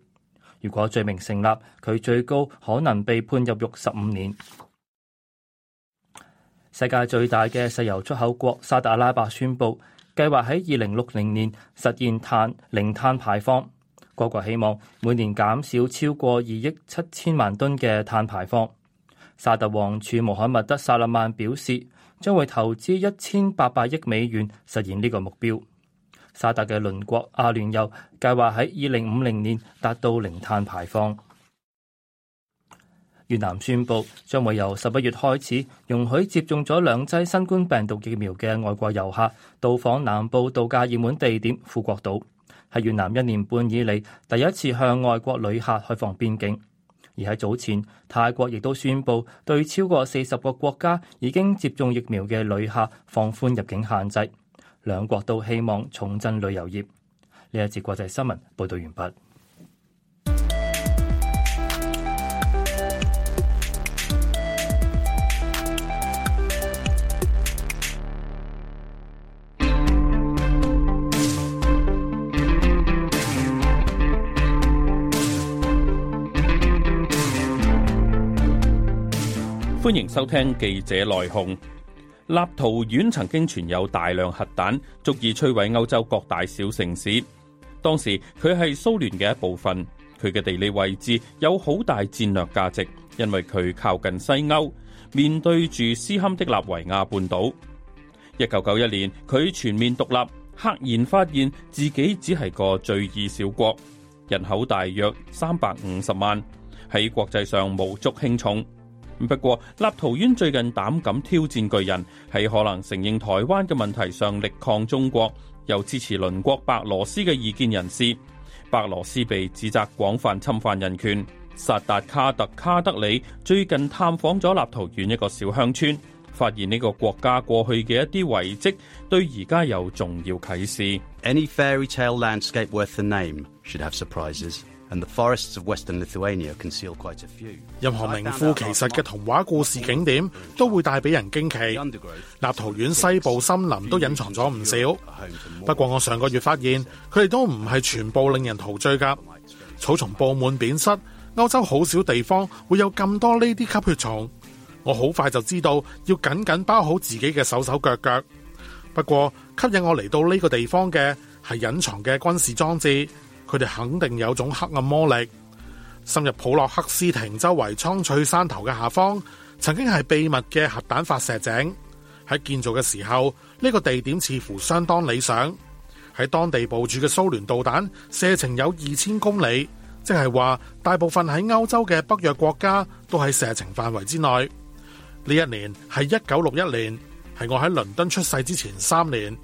如果罪名成立，佢最高可能被判入獄十五年。世界最大嘅石油出口國沙特阿拉伯宣布，計劃喺二零六零年實現碳零碳排放。多國希望每年減少超過二億七千萬噸嘅碳排放。沙特王儲穆罕默德·薩勒曼表示，將會投資一千八百億美元實現呢個目標。沙特嘅鄰國阿聯酋計劃喺二零五零年達到零碳排放。越南宣布，將會由十一月開始容許接種咗兩劑新冠病毒疫苗嘅外國遊客到訪南部度假熱門地點富國島。係越南一年半以嚟第一次向外國旅客開放邊境，而喺早前，泰國亦都宣布對超過四十個國家已經接種疫苗嘅旅客放寬入境限制，兩國都希望重振旅遊業。呢一節國際新聞報道完畢。歡迎收聽記者來鴻。立陶宛曾經存有大量核彈，足以摧毀歐洲各大小城市。當時佢係蘇聯嘅一部分，佢嘅地理位置有好大戰略價值，因為佢靠近西歐，面對住斯堪的納維亞半島。一九九一年佢全面獨立，赫然發現自己只係個最意小國，人口大約三百五十萬，喺國際上無足輕重。不過，立陶宛最近膽敢挑戰巨人，喺可能承認台灣嘅問題上力抗中國，又支持鄰國白羅斯嘅異見人士。白羅斯被指責廣泛侵犯人權。薩達卡特卡德里最近探訪咗立陶宛一個小鄉村，發現呢個國家過去嘅一啲遺跡，對而家有重要啟示。Any fairy tale 任何名副其實嘅童話故事景點都會帶俾人驚奇。立陶宛西部森林都隱藏咗唔少。不過我上個月發現，佢哋都唔係全部令人陶醉㗎。草叢佈滿扁蝨，歐洲好少地方會有咁多呢啲吸血蟲。我好快就知道要緊緊包好自己嘅手手腳腳。不過吸引我嚟到呢個地方嘅係隱藏嘅軍事裝置。佢哋肯定有種黑暗魔力，深入普洛克斯廷周圍蒼翠山頭嘅下方，曾經係秘密嘅核彈發射井。喺建造嘅時候，呢個地點似乎相當理想。喺當地部署嘅蘇聯導彈射程有二千公里，即係話大部分喺歐洲嘅北約國家都喺射程範圍之內。呢一年係一九六一年，係我喺倫敦出世之前三年。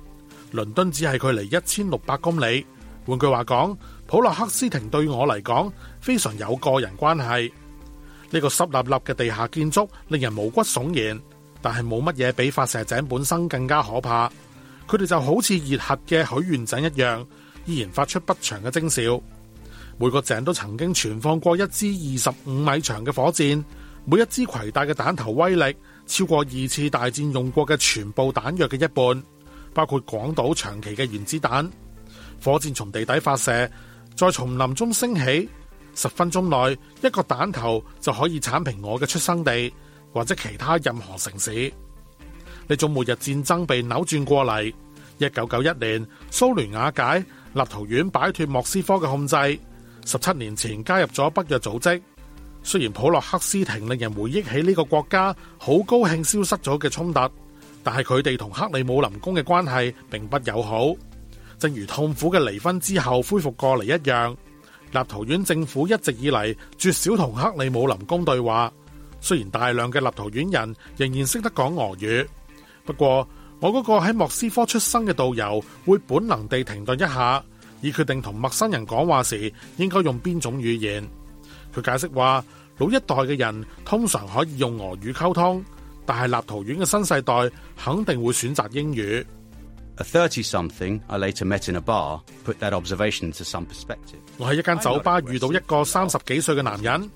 倫敦只係距離一千六百公里。換句話講。普洛克斯廷對我嚟講非常有個人關係。呢、這個濕立立嘅地下建築令人毛骨悚然，但係冇乜嘢比發射井本身更加可怕。佢哋就好似熱核嘅許願井一樣，依然發出不祥嘅徵兆。每個井都曾經存放過一支二十五米長嘅火箭，每一支攜帶嘅彈頭威力超過二次大戰用過嘅全部彈藥嘅一半，包括廣島長崎嘅原子彈。火箭從地底發射。在叢林中升起，十分鐘內一個彈頭就可以鏟平我嘅出生地或者其他任何城市。呢種末日戰爭被扭轉過嚟。一九九一年，蘇聯瓦解，立陶宛擺脫莫斯科嘅控制，十七年前加入咗北約組織。雖然普洛克斯廷令人回憶起呢個國家好高興消失咗嘅衝突，但係佢哋同克里姆林宮嘅關係並不友好。正如痛苦嘅離婚之後恢復過嚟一樣，立陶宛政府一直以嚟絕少同克里姆林宮對話。雖然大量嘅立陶宛人仍然識得講俄語，不過我嗰個喺莫斯科出生嘅導遊會本能地停頓一下，以決定同陌生人講話時應該用邊種語言。佢解釋話，老一代嘅人通常可以用俄語溝通，但係立陶宛嘅新世代肯定會選擇英語。我喺一間酒吧遇到一個三十幾歲嘅男人，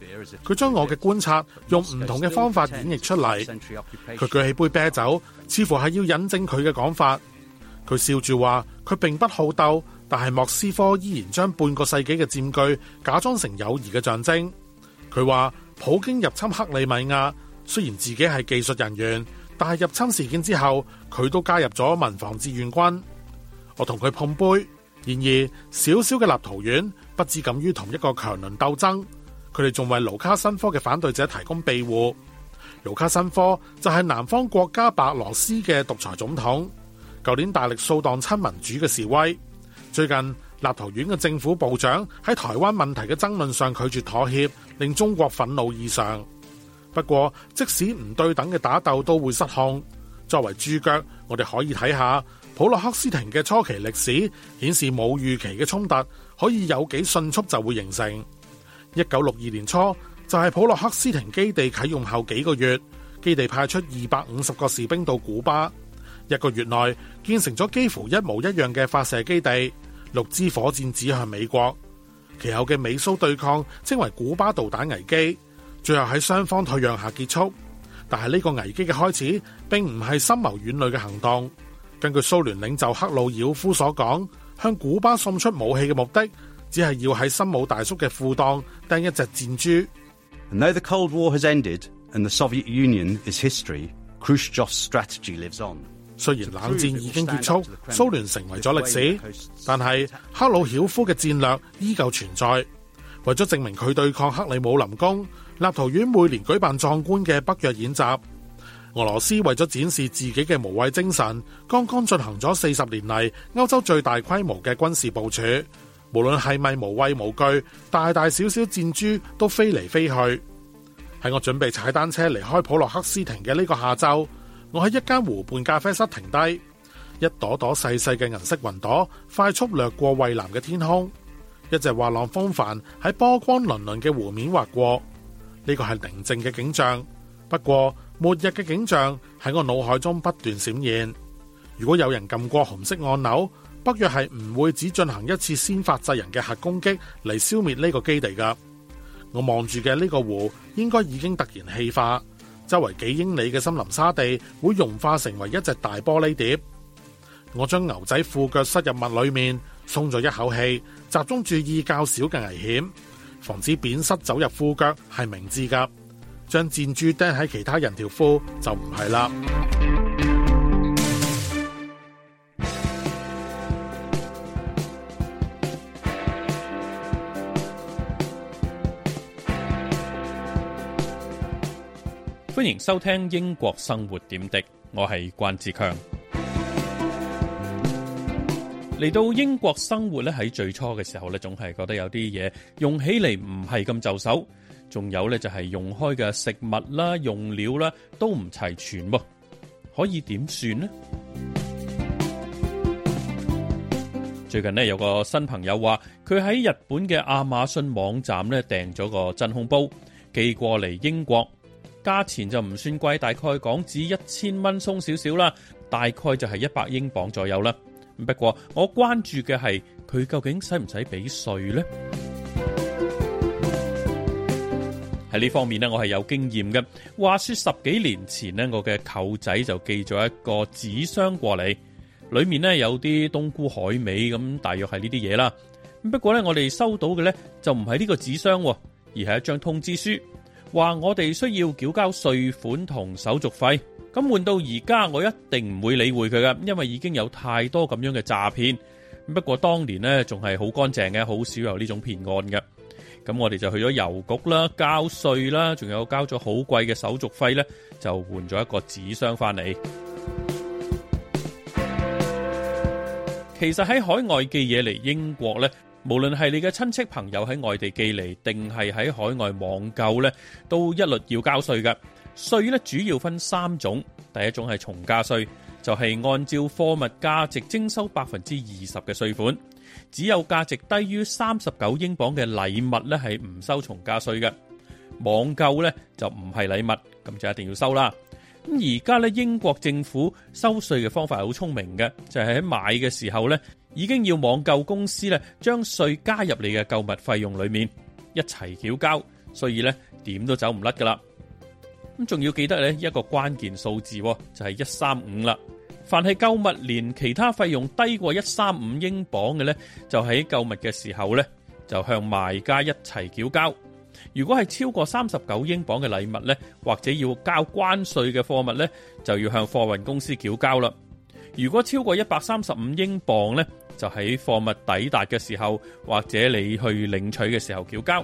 佢將我嘅觀察用唔同嘅方法演繹出嚟。佢舉起杯啤酒，似乎係要引證佢嘅講法。佢笑住話：佢並不好鬥，但係莫斯科依然將半個世紀嘅佔據假裝成友誼嘅象徵。佢話普京入侵克里米亞，雖然自己係技術人員。但係入侵事件之後，佢都加入咗民防志願軍。我同佢碰杯。然而，小小嘅立陶宛不止敢於同一個強鄰鬥爭。佢哋仲為盧卡申科嘅反對者提供庇護。盧卡申科就係南方國家白羅斯嘅獨裁總統。舊年大力掃蕩親民主嘅示威。最近，立陶宛嘅政府部長喺台灣問題嘅爭論上拒絕妥協，令中國憤怒異常。不過，即使唔對等嘅打鬥都會失控。作為註腳，我哋可以睇下普洛克斯廷嘅初期歷史，顯示冇預期嘅衝突可以有幾迅速就會形成。一九六二年初，就係普洛克斯廷基地啟用後幾個月，基地派出二百五十個士兵到古巴，一個月內建成咗幾乎一模一樣嘅發射基地，六支火箭指向美國。其後嘅美蘇對抗稱為古巴導彈危機。最後喺雙方退讓下結束，但係呢個危機嘅開始，並唔係深謀遠慮嘅行動。根據蘇聯領袖克魯曉夫所講，向古巴送出武器嘅目的，只係要喺山姆大叔嘅褲襠釘一隻箭豬。And though the Cold War has ended, and the Soviet Union is history, Khrushchev's strategy lives on. 雖然冷戰已經結束，蘇聯成為咗歷史，但係克魯曉夫嘅戰略依舊存在。為咗證明佢對抗克里姆林宮。立陶宛每年舉辦壯觀嘅北約演習。俄羅斯為咗展示自己嘅無畏精神，剛剛進行咗四十年嚟歐洲最大規模嘅軍事部署。無論係咪無畏無懼，大大小小戰珠都飛嚟飛去。喺我準備踩單車離開普洛克斯廷嘅呢個下晝，我喺一間湖畔咖啡室停低。一朵朵細細嘅銀色雲朵快速掠過蔚藍嘅天空，一隻滑浪風帆喺波光粼粼嘅湖面劃過。呢個係寧靜嘅景象，不過末日嘅景象喺我腦海中不斷閃現。如果有人撳過紅色按鈕，北約係唔會只進行一次先發制人嘅核攻擊嚟消滅呢個基地噶。我望住嘅呢個湖應該已經突然氣化，周圍幾英里嘅森林沙地會融化成為一隻大玻璃碟。我將牛仔褲腳塞入襪裏面，鬆咗一口氣，集中注意較少嘅危險。防止扁虱走入褲腳係明智㗎，將箭豬釘喺其他人條褲就唔係啦。歡迎收聽《英國生活點滴》，我係關志強。嚟到英國生活咧，喺最初嘅時候咧，總係覺得有啲嘢用起嚟唔係咁就手，仲有咧就係用開嘅食物啦、用料啦都唔齊全噃，可以點算咧？最近呢，有個新朋友話，佢喺日本嘅亞馬遜網站咧訂咗個真空煲，寄過嚟英國，價錢就唔算貴，大概港紙一千蚊鬆少少啦，大概就係一百英鎊左右啦。不過我關注嘅係佢究竟使唔使俾稅呢？喺呢 方面咧，我係有經驗嘅。話說十幾年前咧，我嘅舅仔就寄咗一個紙箱過嚟，裏面咧有啲冬菇、海味咁，大約係呢啲嘢啦。不過呢，我哋收到嘅呢，就唔係呢個紙箱，而係一張通知書，話我哋需要繳交稅款同手續費。咁換到而家，我一定唔會理會佢噶，因為已經有太多咁樣嘅詐騙。不過當年呢，仲係好乾淨嘅，好少有呢種騙案嘅。咁我哋就去咗郵局啦，交稅啦，仲有交咗好貴嘅手續費呢，就換咗一個紙箱翻嚟。其實喺海外寄嘢嚟英國呢，無論係你嘅親戚朋友喺外地寄嚟，定係喺海外網購呢，都一律要交稅噶。稅咧主要分三種，第一種係從價稅，就係、是、按照貨物價值徵收百分之二十嘅稅款。只有價值低於三十九英鎊嘅禮物咧係唔收從價稅嘅。網購咧就唔係禮物，咁就一定要收啦。咁而家咧，英國政府收稅嘅方法係好聰明嘅，就係、是、喺買嘅時候咧已經要網購公司咧將稅加入你嘅購物費用裏面一齊繳交，所以咧點都走唔甩噶啦。咁仲要記得咧一個關鍵數字，就係一三五啦。凡係購物連其他費用低過一三五英鎊嘅呢，就喺購物嘅時候呢，就向賣家一齊繳交。如果係超過三十九英鎊嘅禮物呢，或者要交關稅嘅貨物呢，就要向貨運公司繳交啦。如果超過一百三十五英鎊呢，就喺貨物抵達嘅時候或者你去領取嘅時候繳交。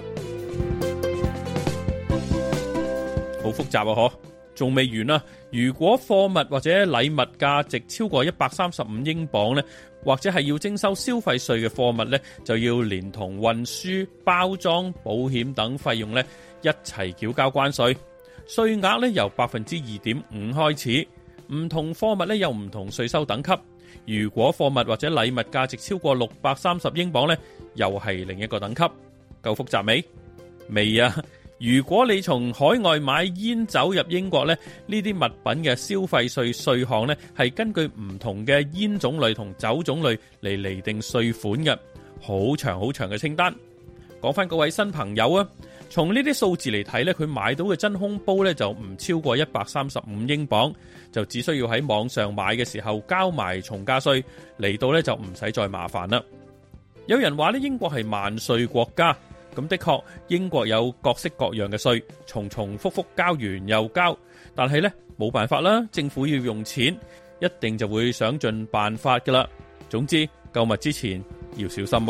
好複雜啊！嗬，仲未完啊。如果貨物或者禮物價值超過一百三十五英鎊呢，或者係要徵收消費稅嘅貨物呢，就要連同運輸、包裝、保險等費用呢一齊繳交關稅。稅額呢由百分之二點五開始，唔同貨物呢有唔同稅收等級。如果貨物或者禮物價值超過六百三十英鎊呢，又係另一個等級。夠複雜未？未啊。如果你從海外買煙酒入英國咧，呢啲物品嘅消費稅稅項咧，係根據唔同嘅煙種類同酒種類嚟釐定稅款嘅，好長好長嘅清單。講翻嗰位新朋友啊，從呢啲數字嚟睇咧，佢買到嘅真空煲呢就唔超過一百三十五英鎊，就只需要喺網上買嘅時候交埋重價稅，嚟到呢就唔使再麻煩啦。有人話呢英國係萬稅國家。咁的確，英國有各式各樣嘅稅，重重複複交完又交，但係呢冇辦法啦，政府要用錢，一定就會想盡辦法噶啦。總之，購物之前要小心。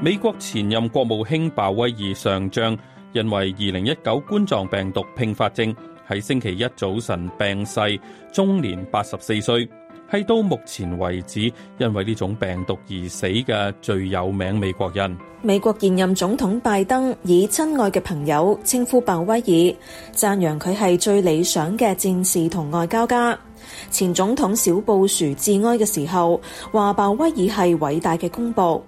美國前任國務卿鮑威爾上將。因為二零一九冠狀病毒併發症喺星期一早晨病逝，終年八十四歲，係到目前為止因為呢種病毒而死嘅最有名美國人。美國現任總統拜登以親愛嘅朋友稱呼鮑威爾，讚揚佢係最理想嘅戰士同外交家。前總統小布殊致哀嘅時候話鮑威爾係偉大嘅公僕。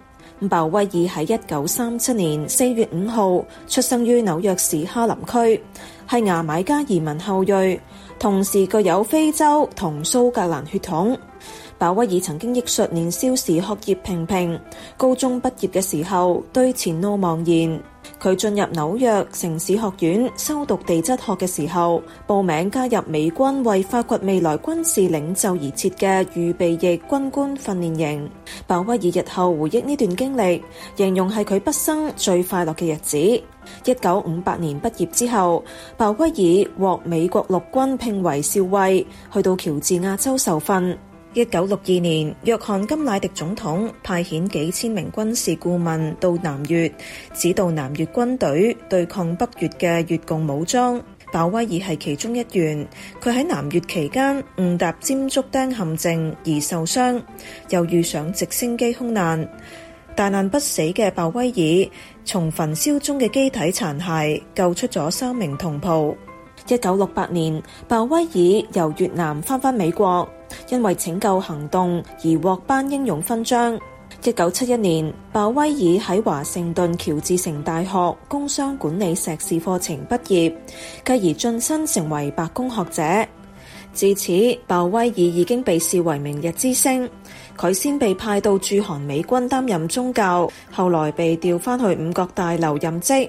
鮑威爾喺一九三七年四月五號出生於紐約市哈林區，係牙買加移民後裔，同時具有非洲同蘇格蘭血統。鮑威爾曾經憶述年少時學業平平，高中畢業嘅時候對前路茫然。佢進入紐約城市學院修讀地質學嘅時候，報名加入美軍為發掘未來軍事領袖而設嘅預備役軍官訓練營。鮑威爾日後回憶呢段經歷，形容係佢畢生最快樂嘅日子。一九五八年畢業之後，鮑威爾獲美國陸軍聘為少尉，去到喬治亞州受訓。一九六二年，約翰金乃迪總統派遣幾千名軍事顧問到南越，指導南越軍隊對抗北越嘅越共武裝。鮑威爾係其中一員。佢喺南越期間誤踏尖竹釘陷阱而受傷，又遇上直升機空難。大難不死嘅鮑威爾從焚燒中嘅機體殘骸救出咗三名同袍。一九六八年，鮑威爾由越南翻返美國。因為拯救行動而獲頒英勇勳章。一九七一年，鮑威爾喺華盛頓喬治城大學工商管理碩士課程畢業，繼而晉身成為白宮學者。自此，鮑威爾已經被視為明日之星。佢先被派到駐韓美軍擔任宗教，後來被調返去五角大樓任職。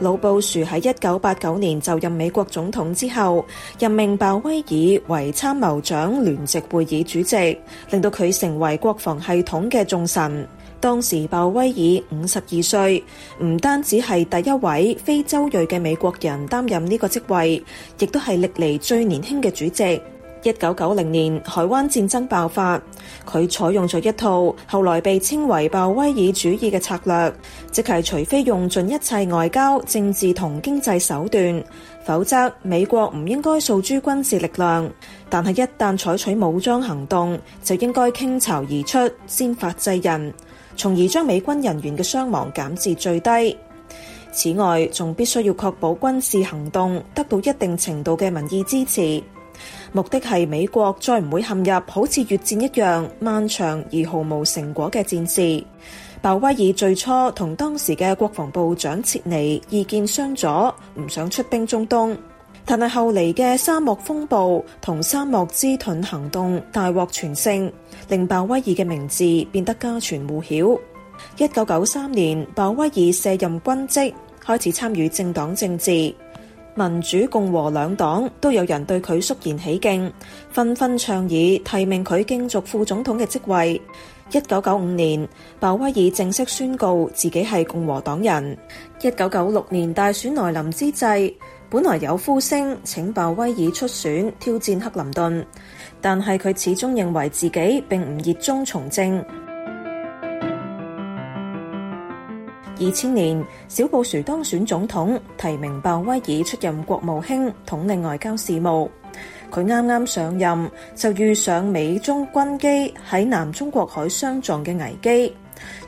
老布殊喺一九八九年就任美國總統之後，任命鮑威爾為參謀長聯席會議主席，令到佢成為國防系統嘅重臣。當時鮑威爾五十二歲，唔單止係第一位非洲裔嘅美國人擔任呢個職位，亦都係歷嚟最年輕嘅主席。一九九零年海灣戰爭爆發，佢採用咗一套後來被稱為鮑威爾主義嘅策略，即係除非用盡一切外交、政治同經濟手段，否則美國唔應該訴諸軍事力量。但係一旦採取武裝行動，就應該傾巢而出，先發制人，從而將美軍人員嘅傷亡減至最低。此外，仲必須要確保軍事行動得到一定程度嘅民意支持。目的係美國再唔會陷入好似越戰一樣漫長而毫無成果嘅戰事。鮑威爾最初同當時嘅國防部長切尼意見相左，唔想出兵中東。但係後嚟嘅沙漠風暴同沙漠之盾行動大獲全勝，令鮑威爾嘅名字變得家傳戶曉。一九九三年，鮑威爾卸任軍職，開始參與政黨政治。民主共和兩黨都有人對佢肅然起敬，紛紛倡議提名佢競逐副總統嘅職位。一九九五年，鮑威爾正式宣告自己係共和黨人。一九九六年大選來臨之際，本來有呼聲請鮑威爾出選挑戰克林頓，但係佢始終認為自己並唔熱衷從政。二千年，小布殊當選總統，提名鮑威爾出任國務卿，統領外交事務。佢啱啱上任，就遇上美中軍機喺南中國海相撞嘅危機，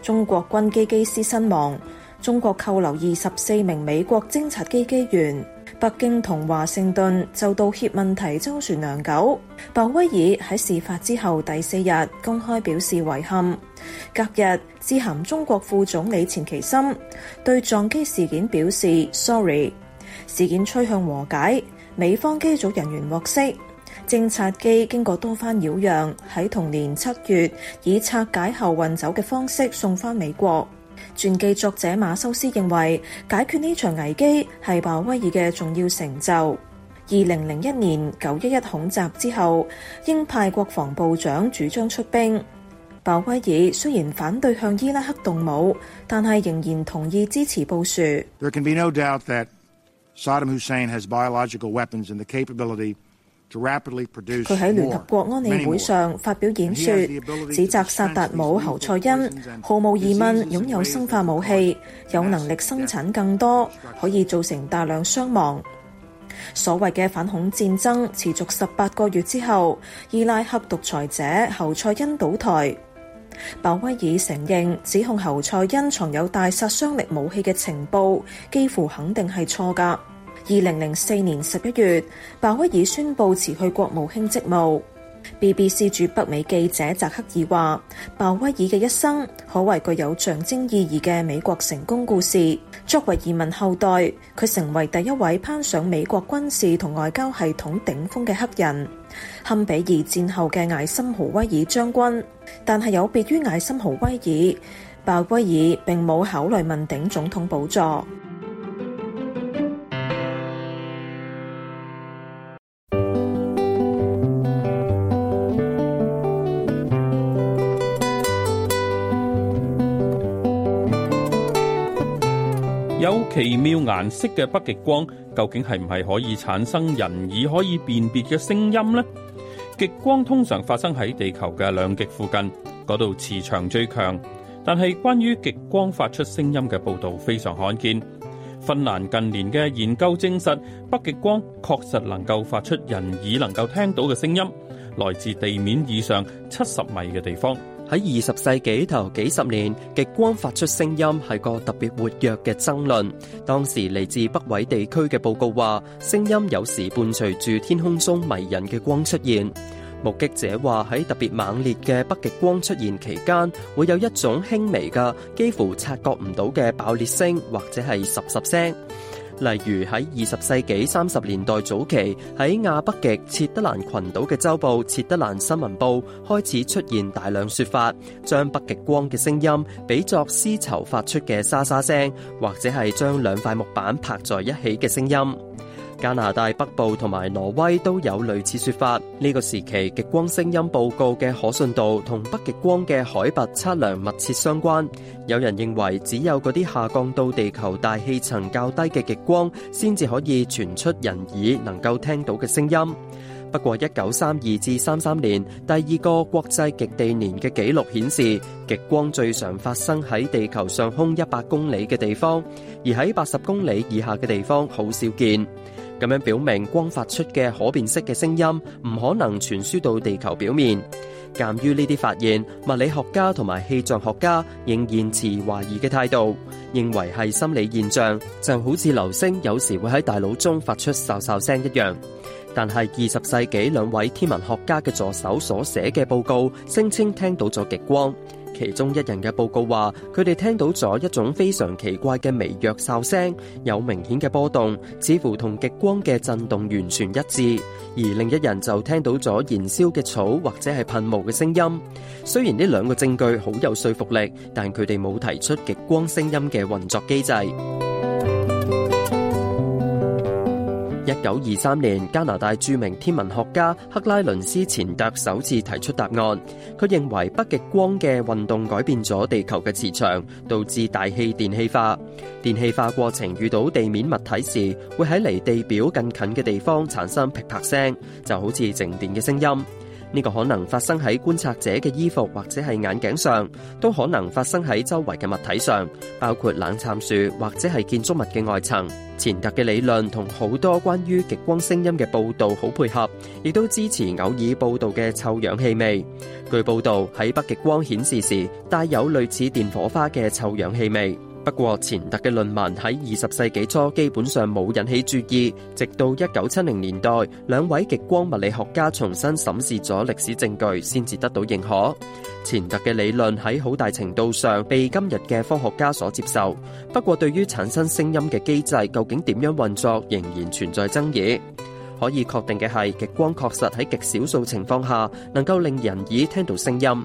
中國軍機機師身亡，中國扣留二十四名美國偵察機機員。北京同華盛頓就道歉問題周旋良久，鮑威爾喺事發之後第四日公開表示遺憾。隔日，致函中國副總理錢其琛，對撞機事件表示 sorry。事件趨向和解，美方機組人員獲釋，偵察機經過多番擾攘，喺同年七月以拆解後運走嘅方式送返美國。傳記作者馬修斯認為解決呢場危機係鮑威爾嘅重要成就。二零零一年九一一恐襲之後，鷹派國防部長主張出兵。鮑威爾雖然反對向伊拉克動武，但係仍然同意支持部署。佢喺聯合國安理會上發表演說，指責薩達姆侯賽恩毫無疑問擁有生化武器，有能力生產更多，可以造成大量傷亡。所謂嘅反恐戰爭持續十八個月之後，伊拉克獨裁者侯賽恩倒台。鮑威爾承認，指控侯賽恩藏有大殺傷力武器嘅情報，幾乎肯定係錯㗎。二零零四年十一月，鮑威爾宣布辭去國務卿職務。BBC 駐北美記者扎克爾話：鮑威爾嘅一生可謂具有象徵意義嘅美國成功故事。作為移民後代，佢成為第一位攀上美國軍事同外交系統頂峰嘅黑人，堪比二戰後嘅艾森豪威爾將軍。但係有別於艾森豪威爾，鮑威爾並冇考慮問鼎總統寶座。奇妙顏色嘅北極光究竟係唔係可以產生人耳可以辨別嘅聲音呢？極光通常發生喺地球嘅兩極附近，嗰度磁場最強。但係關於極光發出聲音嘅報道非常罕見。芬蘭近年嘅研究證實，北極光確實能夠發出人耳能夠聽到嘅聲音，來自地面以上七十米嘅地方。喺二十世紀頭幾十年，極光發出聲音係個特別活躍嘅爭論。當時嚟自北緯地區嘅報告話，聲音有時伴隨住天空中迷人嘅光出現。目擊者話喺特別猛烈嘅北極光出現期間，會有一種輕微嘅、幾乎察覺唔到嘅爆裂聲或者係十十聲。例如喺二十世紀三十年代早期，喺亞北極切德蘭群島嘅週報《切德蘭新聞報》開始出現大量説法，將北極光嘅聲音比作絲綢發出嘅沙沙聲，或者係將兩塊木板拍在一起嘅聲音。加拿大北部同埋挪威都有類似說法。呢個時期極光聲音報告嘅可信度同北極光嘅海拔測量密切相關。有人認為只有嗰啲下降到地球大氣層較低嘅極光，先至可以傳出人耳能夠聽到嘅聲音。不過，一九三二至三三年第二個國際極地年嘅紀錄顯示，極光最常發生喺地球上空一百公里嘅地方，而喺八十公里以下嘅地方好少見。咁樣表明光發出嘅可辨識嘅聲音唔可能傳輸到地球表面。鑒於呢啲發現，物理學家同埋氣象學家仍然持懷疑嘅態度，認為係心理現象，就好似流星有時會喺大腦中發出哨哨聲一樣。但係二十世紀兩位天文學家嘅助手所寫嘅報告，聲稱聽到咗極光。其中一人嘅報告話，佢哋聽到咗一種非常奇怪嘅微弱哨聲，有明顯嘅波動，似乎同極光嘅震動完全一致。而另一人就聽到咗燃燒嘅草或者係噴霧嘅聲音。雖然呢兩個證據好有說服力，但佢哋冇提出極光聲音嘅運作機制。一九二三年，加拿大著名天文學家克拉倫斯錢特首次提出答案。佢認為北極光嘅運動改變咗地球嘅磁場，導致大氣電氣化。電氣化過程遇到地面物體時，會喺離地表更近嘅地方產生噼啪聲，就好似靜電嘅聲音。呢、這個可能發生喺觀察者嘅衣服或者係眼鏡上，都可能發生喺周圍嘅物體上，包括冷杉樹或者係建築物嘅外層。前特嘅理論同好多關於極光聲音嘅報道好配合，亦都支持偶爾報道嘅臭氧氣味。據報導，喺北極光顯示時，帶有類似電火花嘅臭氧氣味。不過錢特嘅論文喺二十世紀初基本上冇引起注意，直到一九七零年代，兩位極光物理學家重新審視咗歷史證據，先至得到認可。錢特嘅理論喺好大程度上被今日嘅科學家所接受。不過，對於產生聲音嘅機制究竟點樣運作，仍然存在爭議。可以確定嘅係，極光確實喺極少數情況下能夠令人耳聽到聲音。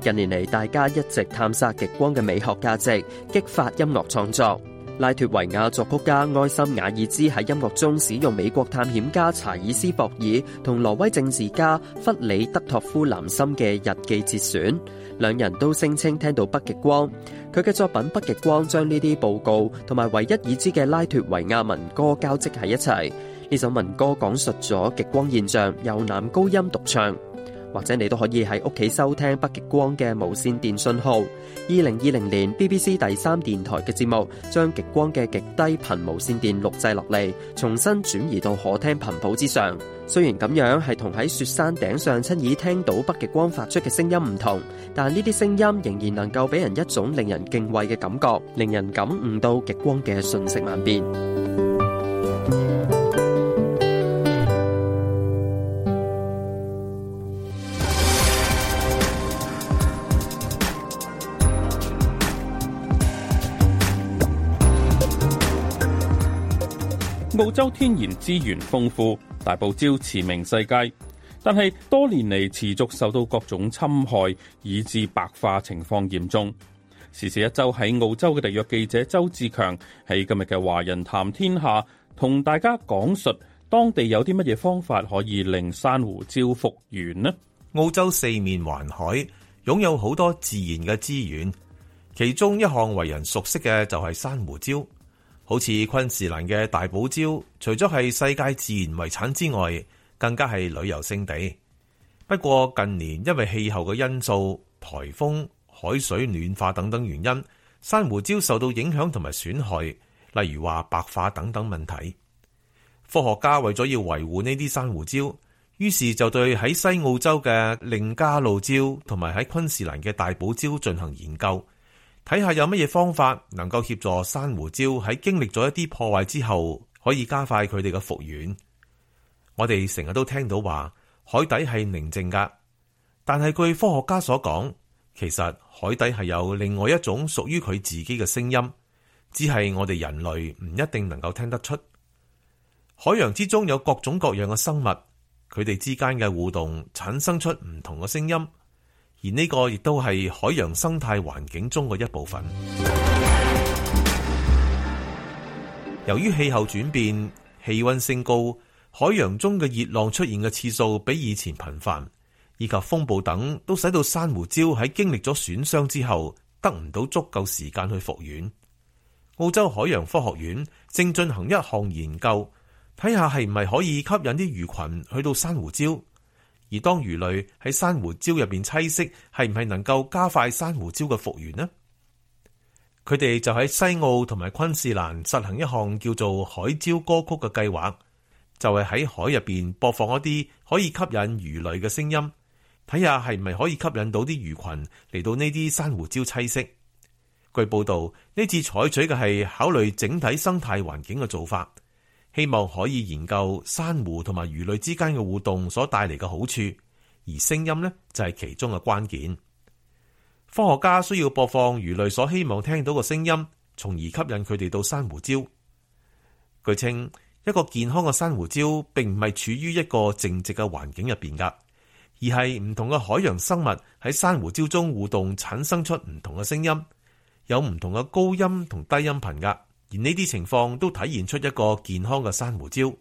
近年嚟，大家一直探索極光嘅美學價值，激發音樂創作。拉脫維亞作曲家埃森雅爾茲喺音樂中使用美國探險家查爾斯博爾同挪威政治家弗里德托夫南森嘅日記節選，兩人都聲稱聽到北極光。佢嘅作品《北極光》將呢啲報告同埋唯一已知嘅拉脫維亞文歌交織喺一齊。呢首文歌講述咗極光現象，由男高音獨唱。或者你都可以喺屋企收聽北極光嘅無線電信號。二零二零年 BBC 第三電台嘅節目將極光嘅極低頻無線電錄製落嚟，重新轉移到可聽頻譜之上。雖然咁樣係同喺雪山頂上親耳聽到北極光發出嘅聲音唔同，但呢啲聲音仍然能夠俾人一種令人敬畏嘅感覺，令人感悟到極光嘅瞬息萬變。澳洲天然資源豐富，大堡礁馳名世界，但係多年嚟，持續受到各種侵害，以致白化情況嚴重。時事一周喺澳洲嘅特約記者周志強喺今日嘅華人談天下同大家講述當地有啲乜嘢方法可以令珊瑚礁復原呢？澳洲四面環海，擁有好多自然嘅資源，其中一項為人熟悉嘅就係珊瑚礁。好似昆士蘭嘅大堡礁，除咗係世界自然遺產之外，更加係旅遊勝地。不過近年因為氣候嘅因素、台風、海水暖化等等原因，珊瑚礁受到影響同埋損害，例如話白化等等問題。科學家為咗要維護呢啲珊瑚礁，於是就對喺西澳洲嘅寧加路礁同埋喺昆士蘭嘅大堡礁進行研究。睇下有乜嘢方法能夠協助珊瑚礁喺經歷咗一啲破壞之後，可以加快佢哋嘅復原。我哋成日都聽到話海底係寧靜㗎，但係據科學家所講，其實海底係有另外一種屬於佢自己嘅聲音，只係我哋人類唔一定能夠聽得出。海洋之中有各種各樣嘅生物，佢哋之間嘅互動產生出唔同嘅聲音。而呢個亦都係海洋生態環境中嘅一部分。由於氣候轉變、氣溫升高，海洋中嘅熱浪出現嘅次數比以前頻繁，以及風暴等，都使到珊瑚礁喺經歷咗損傷之後，得唔到足夠時間去復原。澳洲海洋科學院正進行一項研究，睇下係唔係可以吸引啲魚群去到珊瑚礁。而當魚類喺珊瑚礁入邊棲息，係唔係能夠加快珊瑚礁嘅復原呢？佢哋就喺西澳同埋昆士蘭實行一項叫做《海礁歌曲》嘅計劃，就係、是、喺海入邊播放一啲可以吸引魚類嘅聲音，睇下係唔係可以吸引到啲魚群嚟到呢啲珊瑚礁棲息。據報道，呢次採取嘅係考慮整體生態環境嘅做法。希望可以研究珊瑚同埋魚類之間嘅互動所帶嚟嘅好處，而聲音呢，就係其中嘅關鍵。科學家需要播放魚類所希望聽到嘅聲音，從而吸引佢哋到珊瑚礁。據稱，一個健康嘅珊瑚礁並唔係處於一個靜寂嘅環境入邊噶，而係唔同嘅海洋生物喺珊瑚礁中互動，產生出唔同嘅聲音，有唔同嘅高音同低音頻噶。而呢啲情況都體現出一個健康嘅珊瑚礁，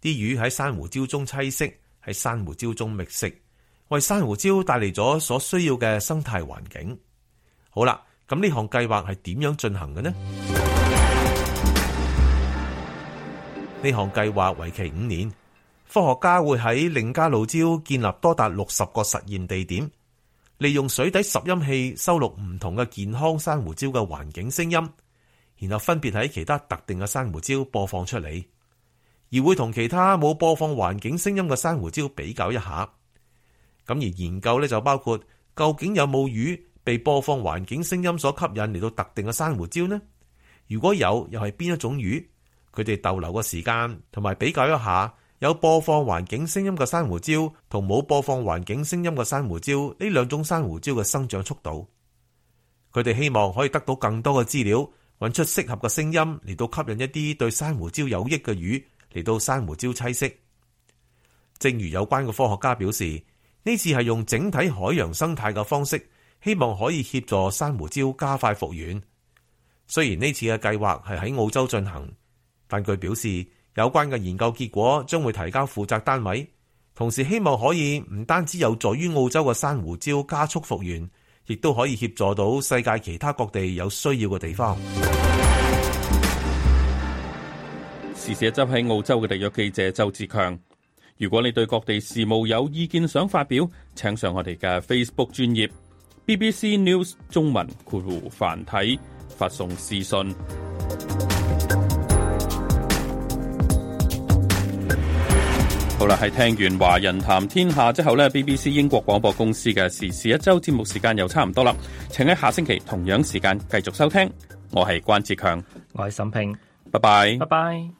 啲魚喺珊瑚礁中棲息，喺珊瑚礁中覓食，為珊瑚礁帶嚟咗所需要嘅生態環境。好啦，咁呢項計劃係點樣進行嘅呢？呢項計劃為期五年，科學家會喺寧加路礁建立多達六十個實驗地點，利用水底拾音器收錄唔同嘅健康珊瑚礁嘅環境聲音。然後分別喺其他特定嘅珊瑚礁播放出嚟，而會同其他冇播放環境聲音嘅珊瑚礁比較一下。咁而研究咧就包括究竟有冇魚被播放環境聲音所吸引嚟到特定嘅珊瑚礁呢？如果有，又係邊一種魚？佢哋逗留嘅時間，同埋比較一下，有播放環境聲音嘅珊瑚礁同冇播放環境聲音嘅珊瑚礁呢兩種珊瑚礁嘅生長速度。佢哋希望可以得到更多嘅資料。搵出適合嘅聲音嚟到吸引一啲對珊瑚礁有益嘅魚嚟到珊瑚礁棲息。正如有關嘅科學家表示，呢次係用整體海洋生態嘅方式，希望可以協助珊瑚礁加快復原。雖然呢次嘅計劃係喺澳洲進行，但佢表示有關嘅研究結果將會提交負責單位，同時希望可以唔單止有助於澳洲嘅珊瑚礁加速復原，亦都可以協助到世界其他各地有需要嘅地方。時事一周喺澳洲嘅特約記者周志強。如果你對各地事務有意見想發表，請上我哋嘅 Facebook 專頁 BBC News 中文括弧繁體發送私信。 好啦，喺聽完華人談天下之後呢 BBC 英國廣播公司嘅時事一周節目時間又差唔多啦，請喺下星期同樣時間繼續收聽。我係關志強，我係沈平，拜拜，拜拜。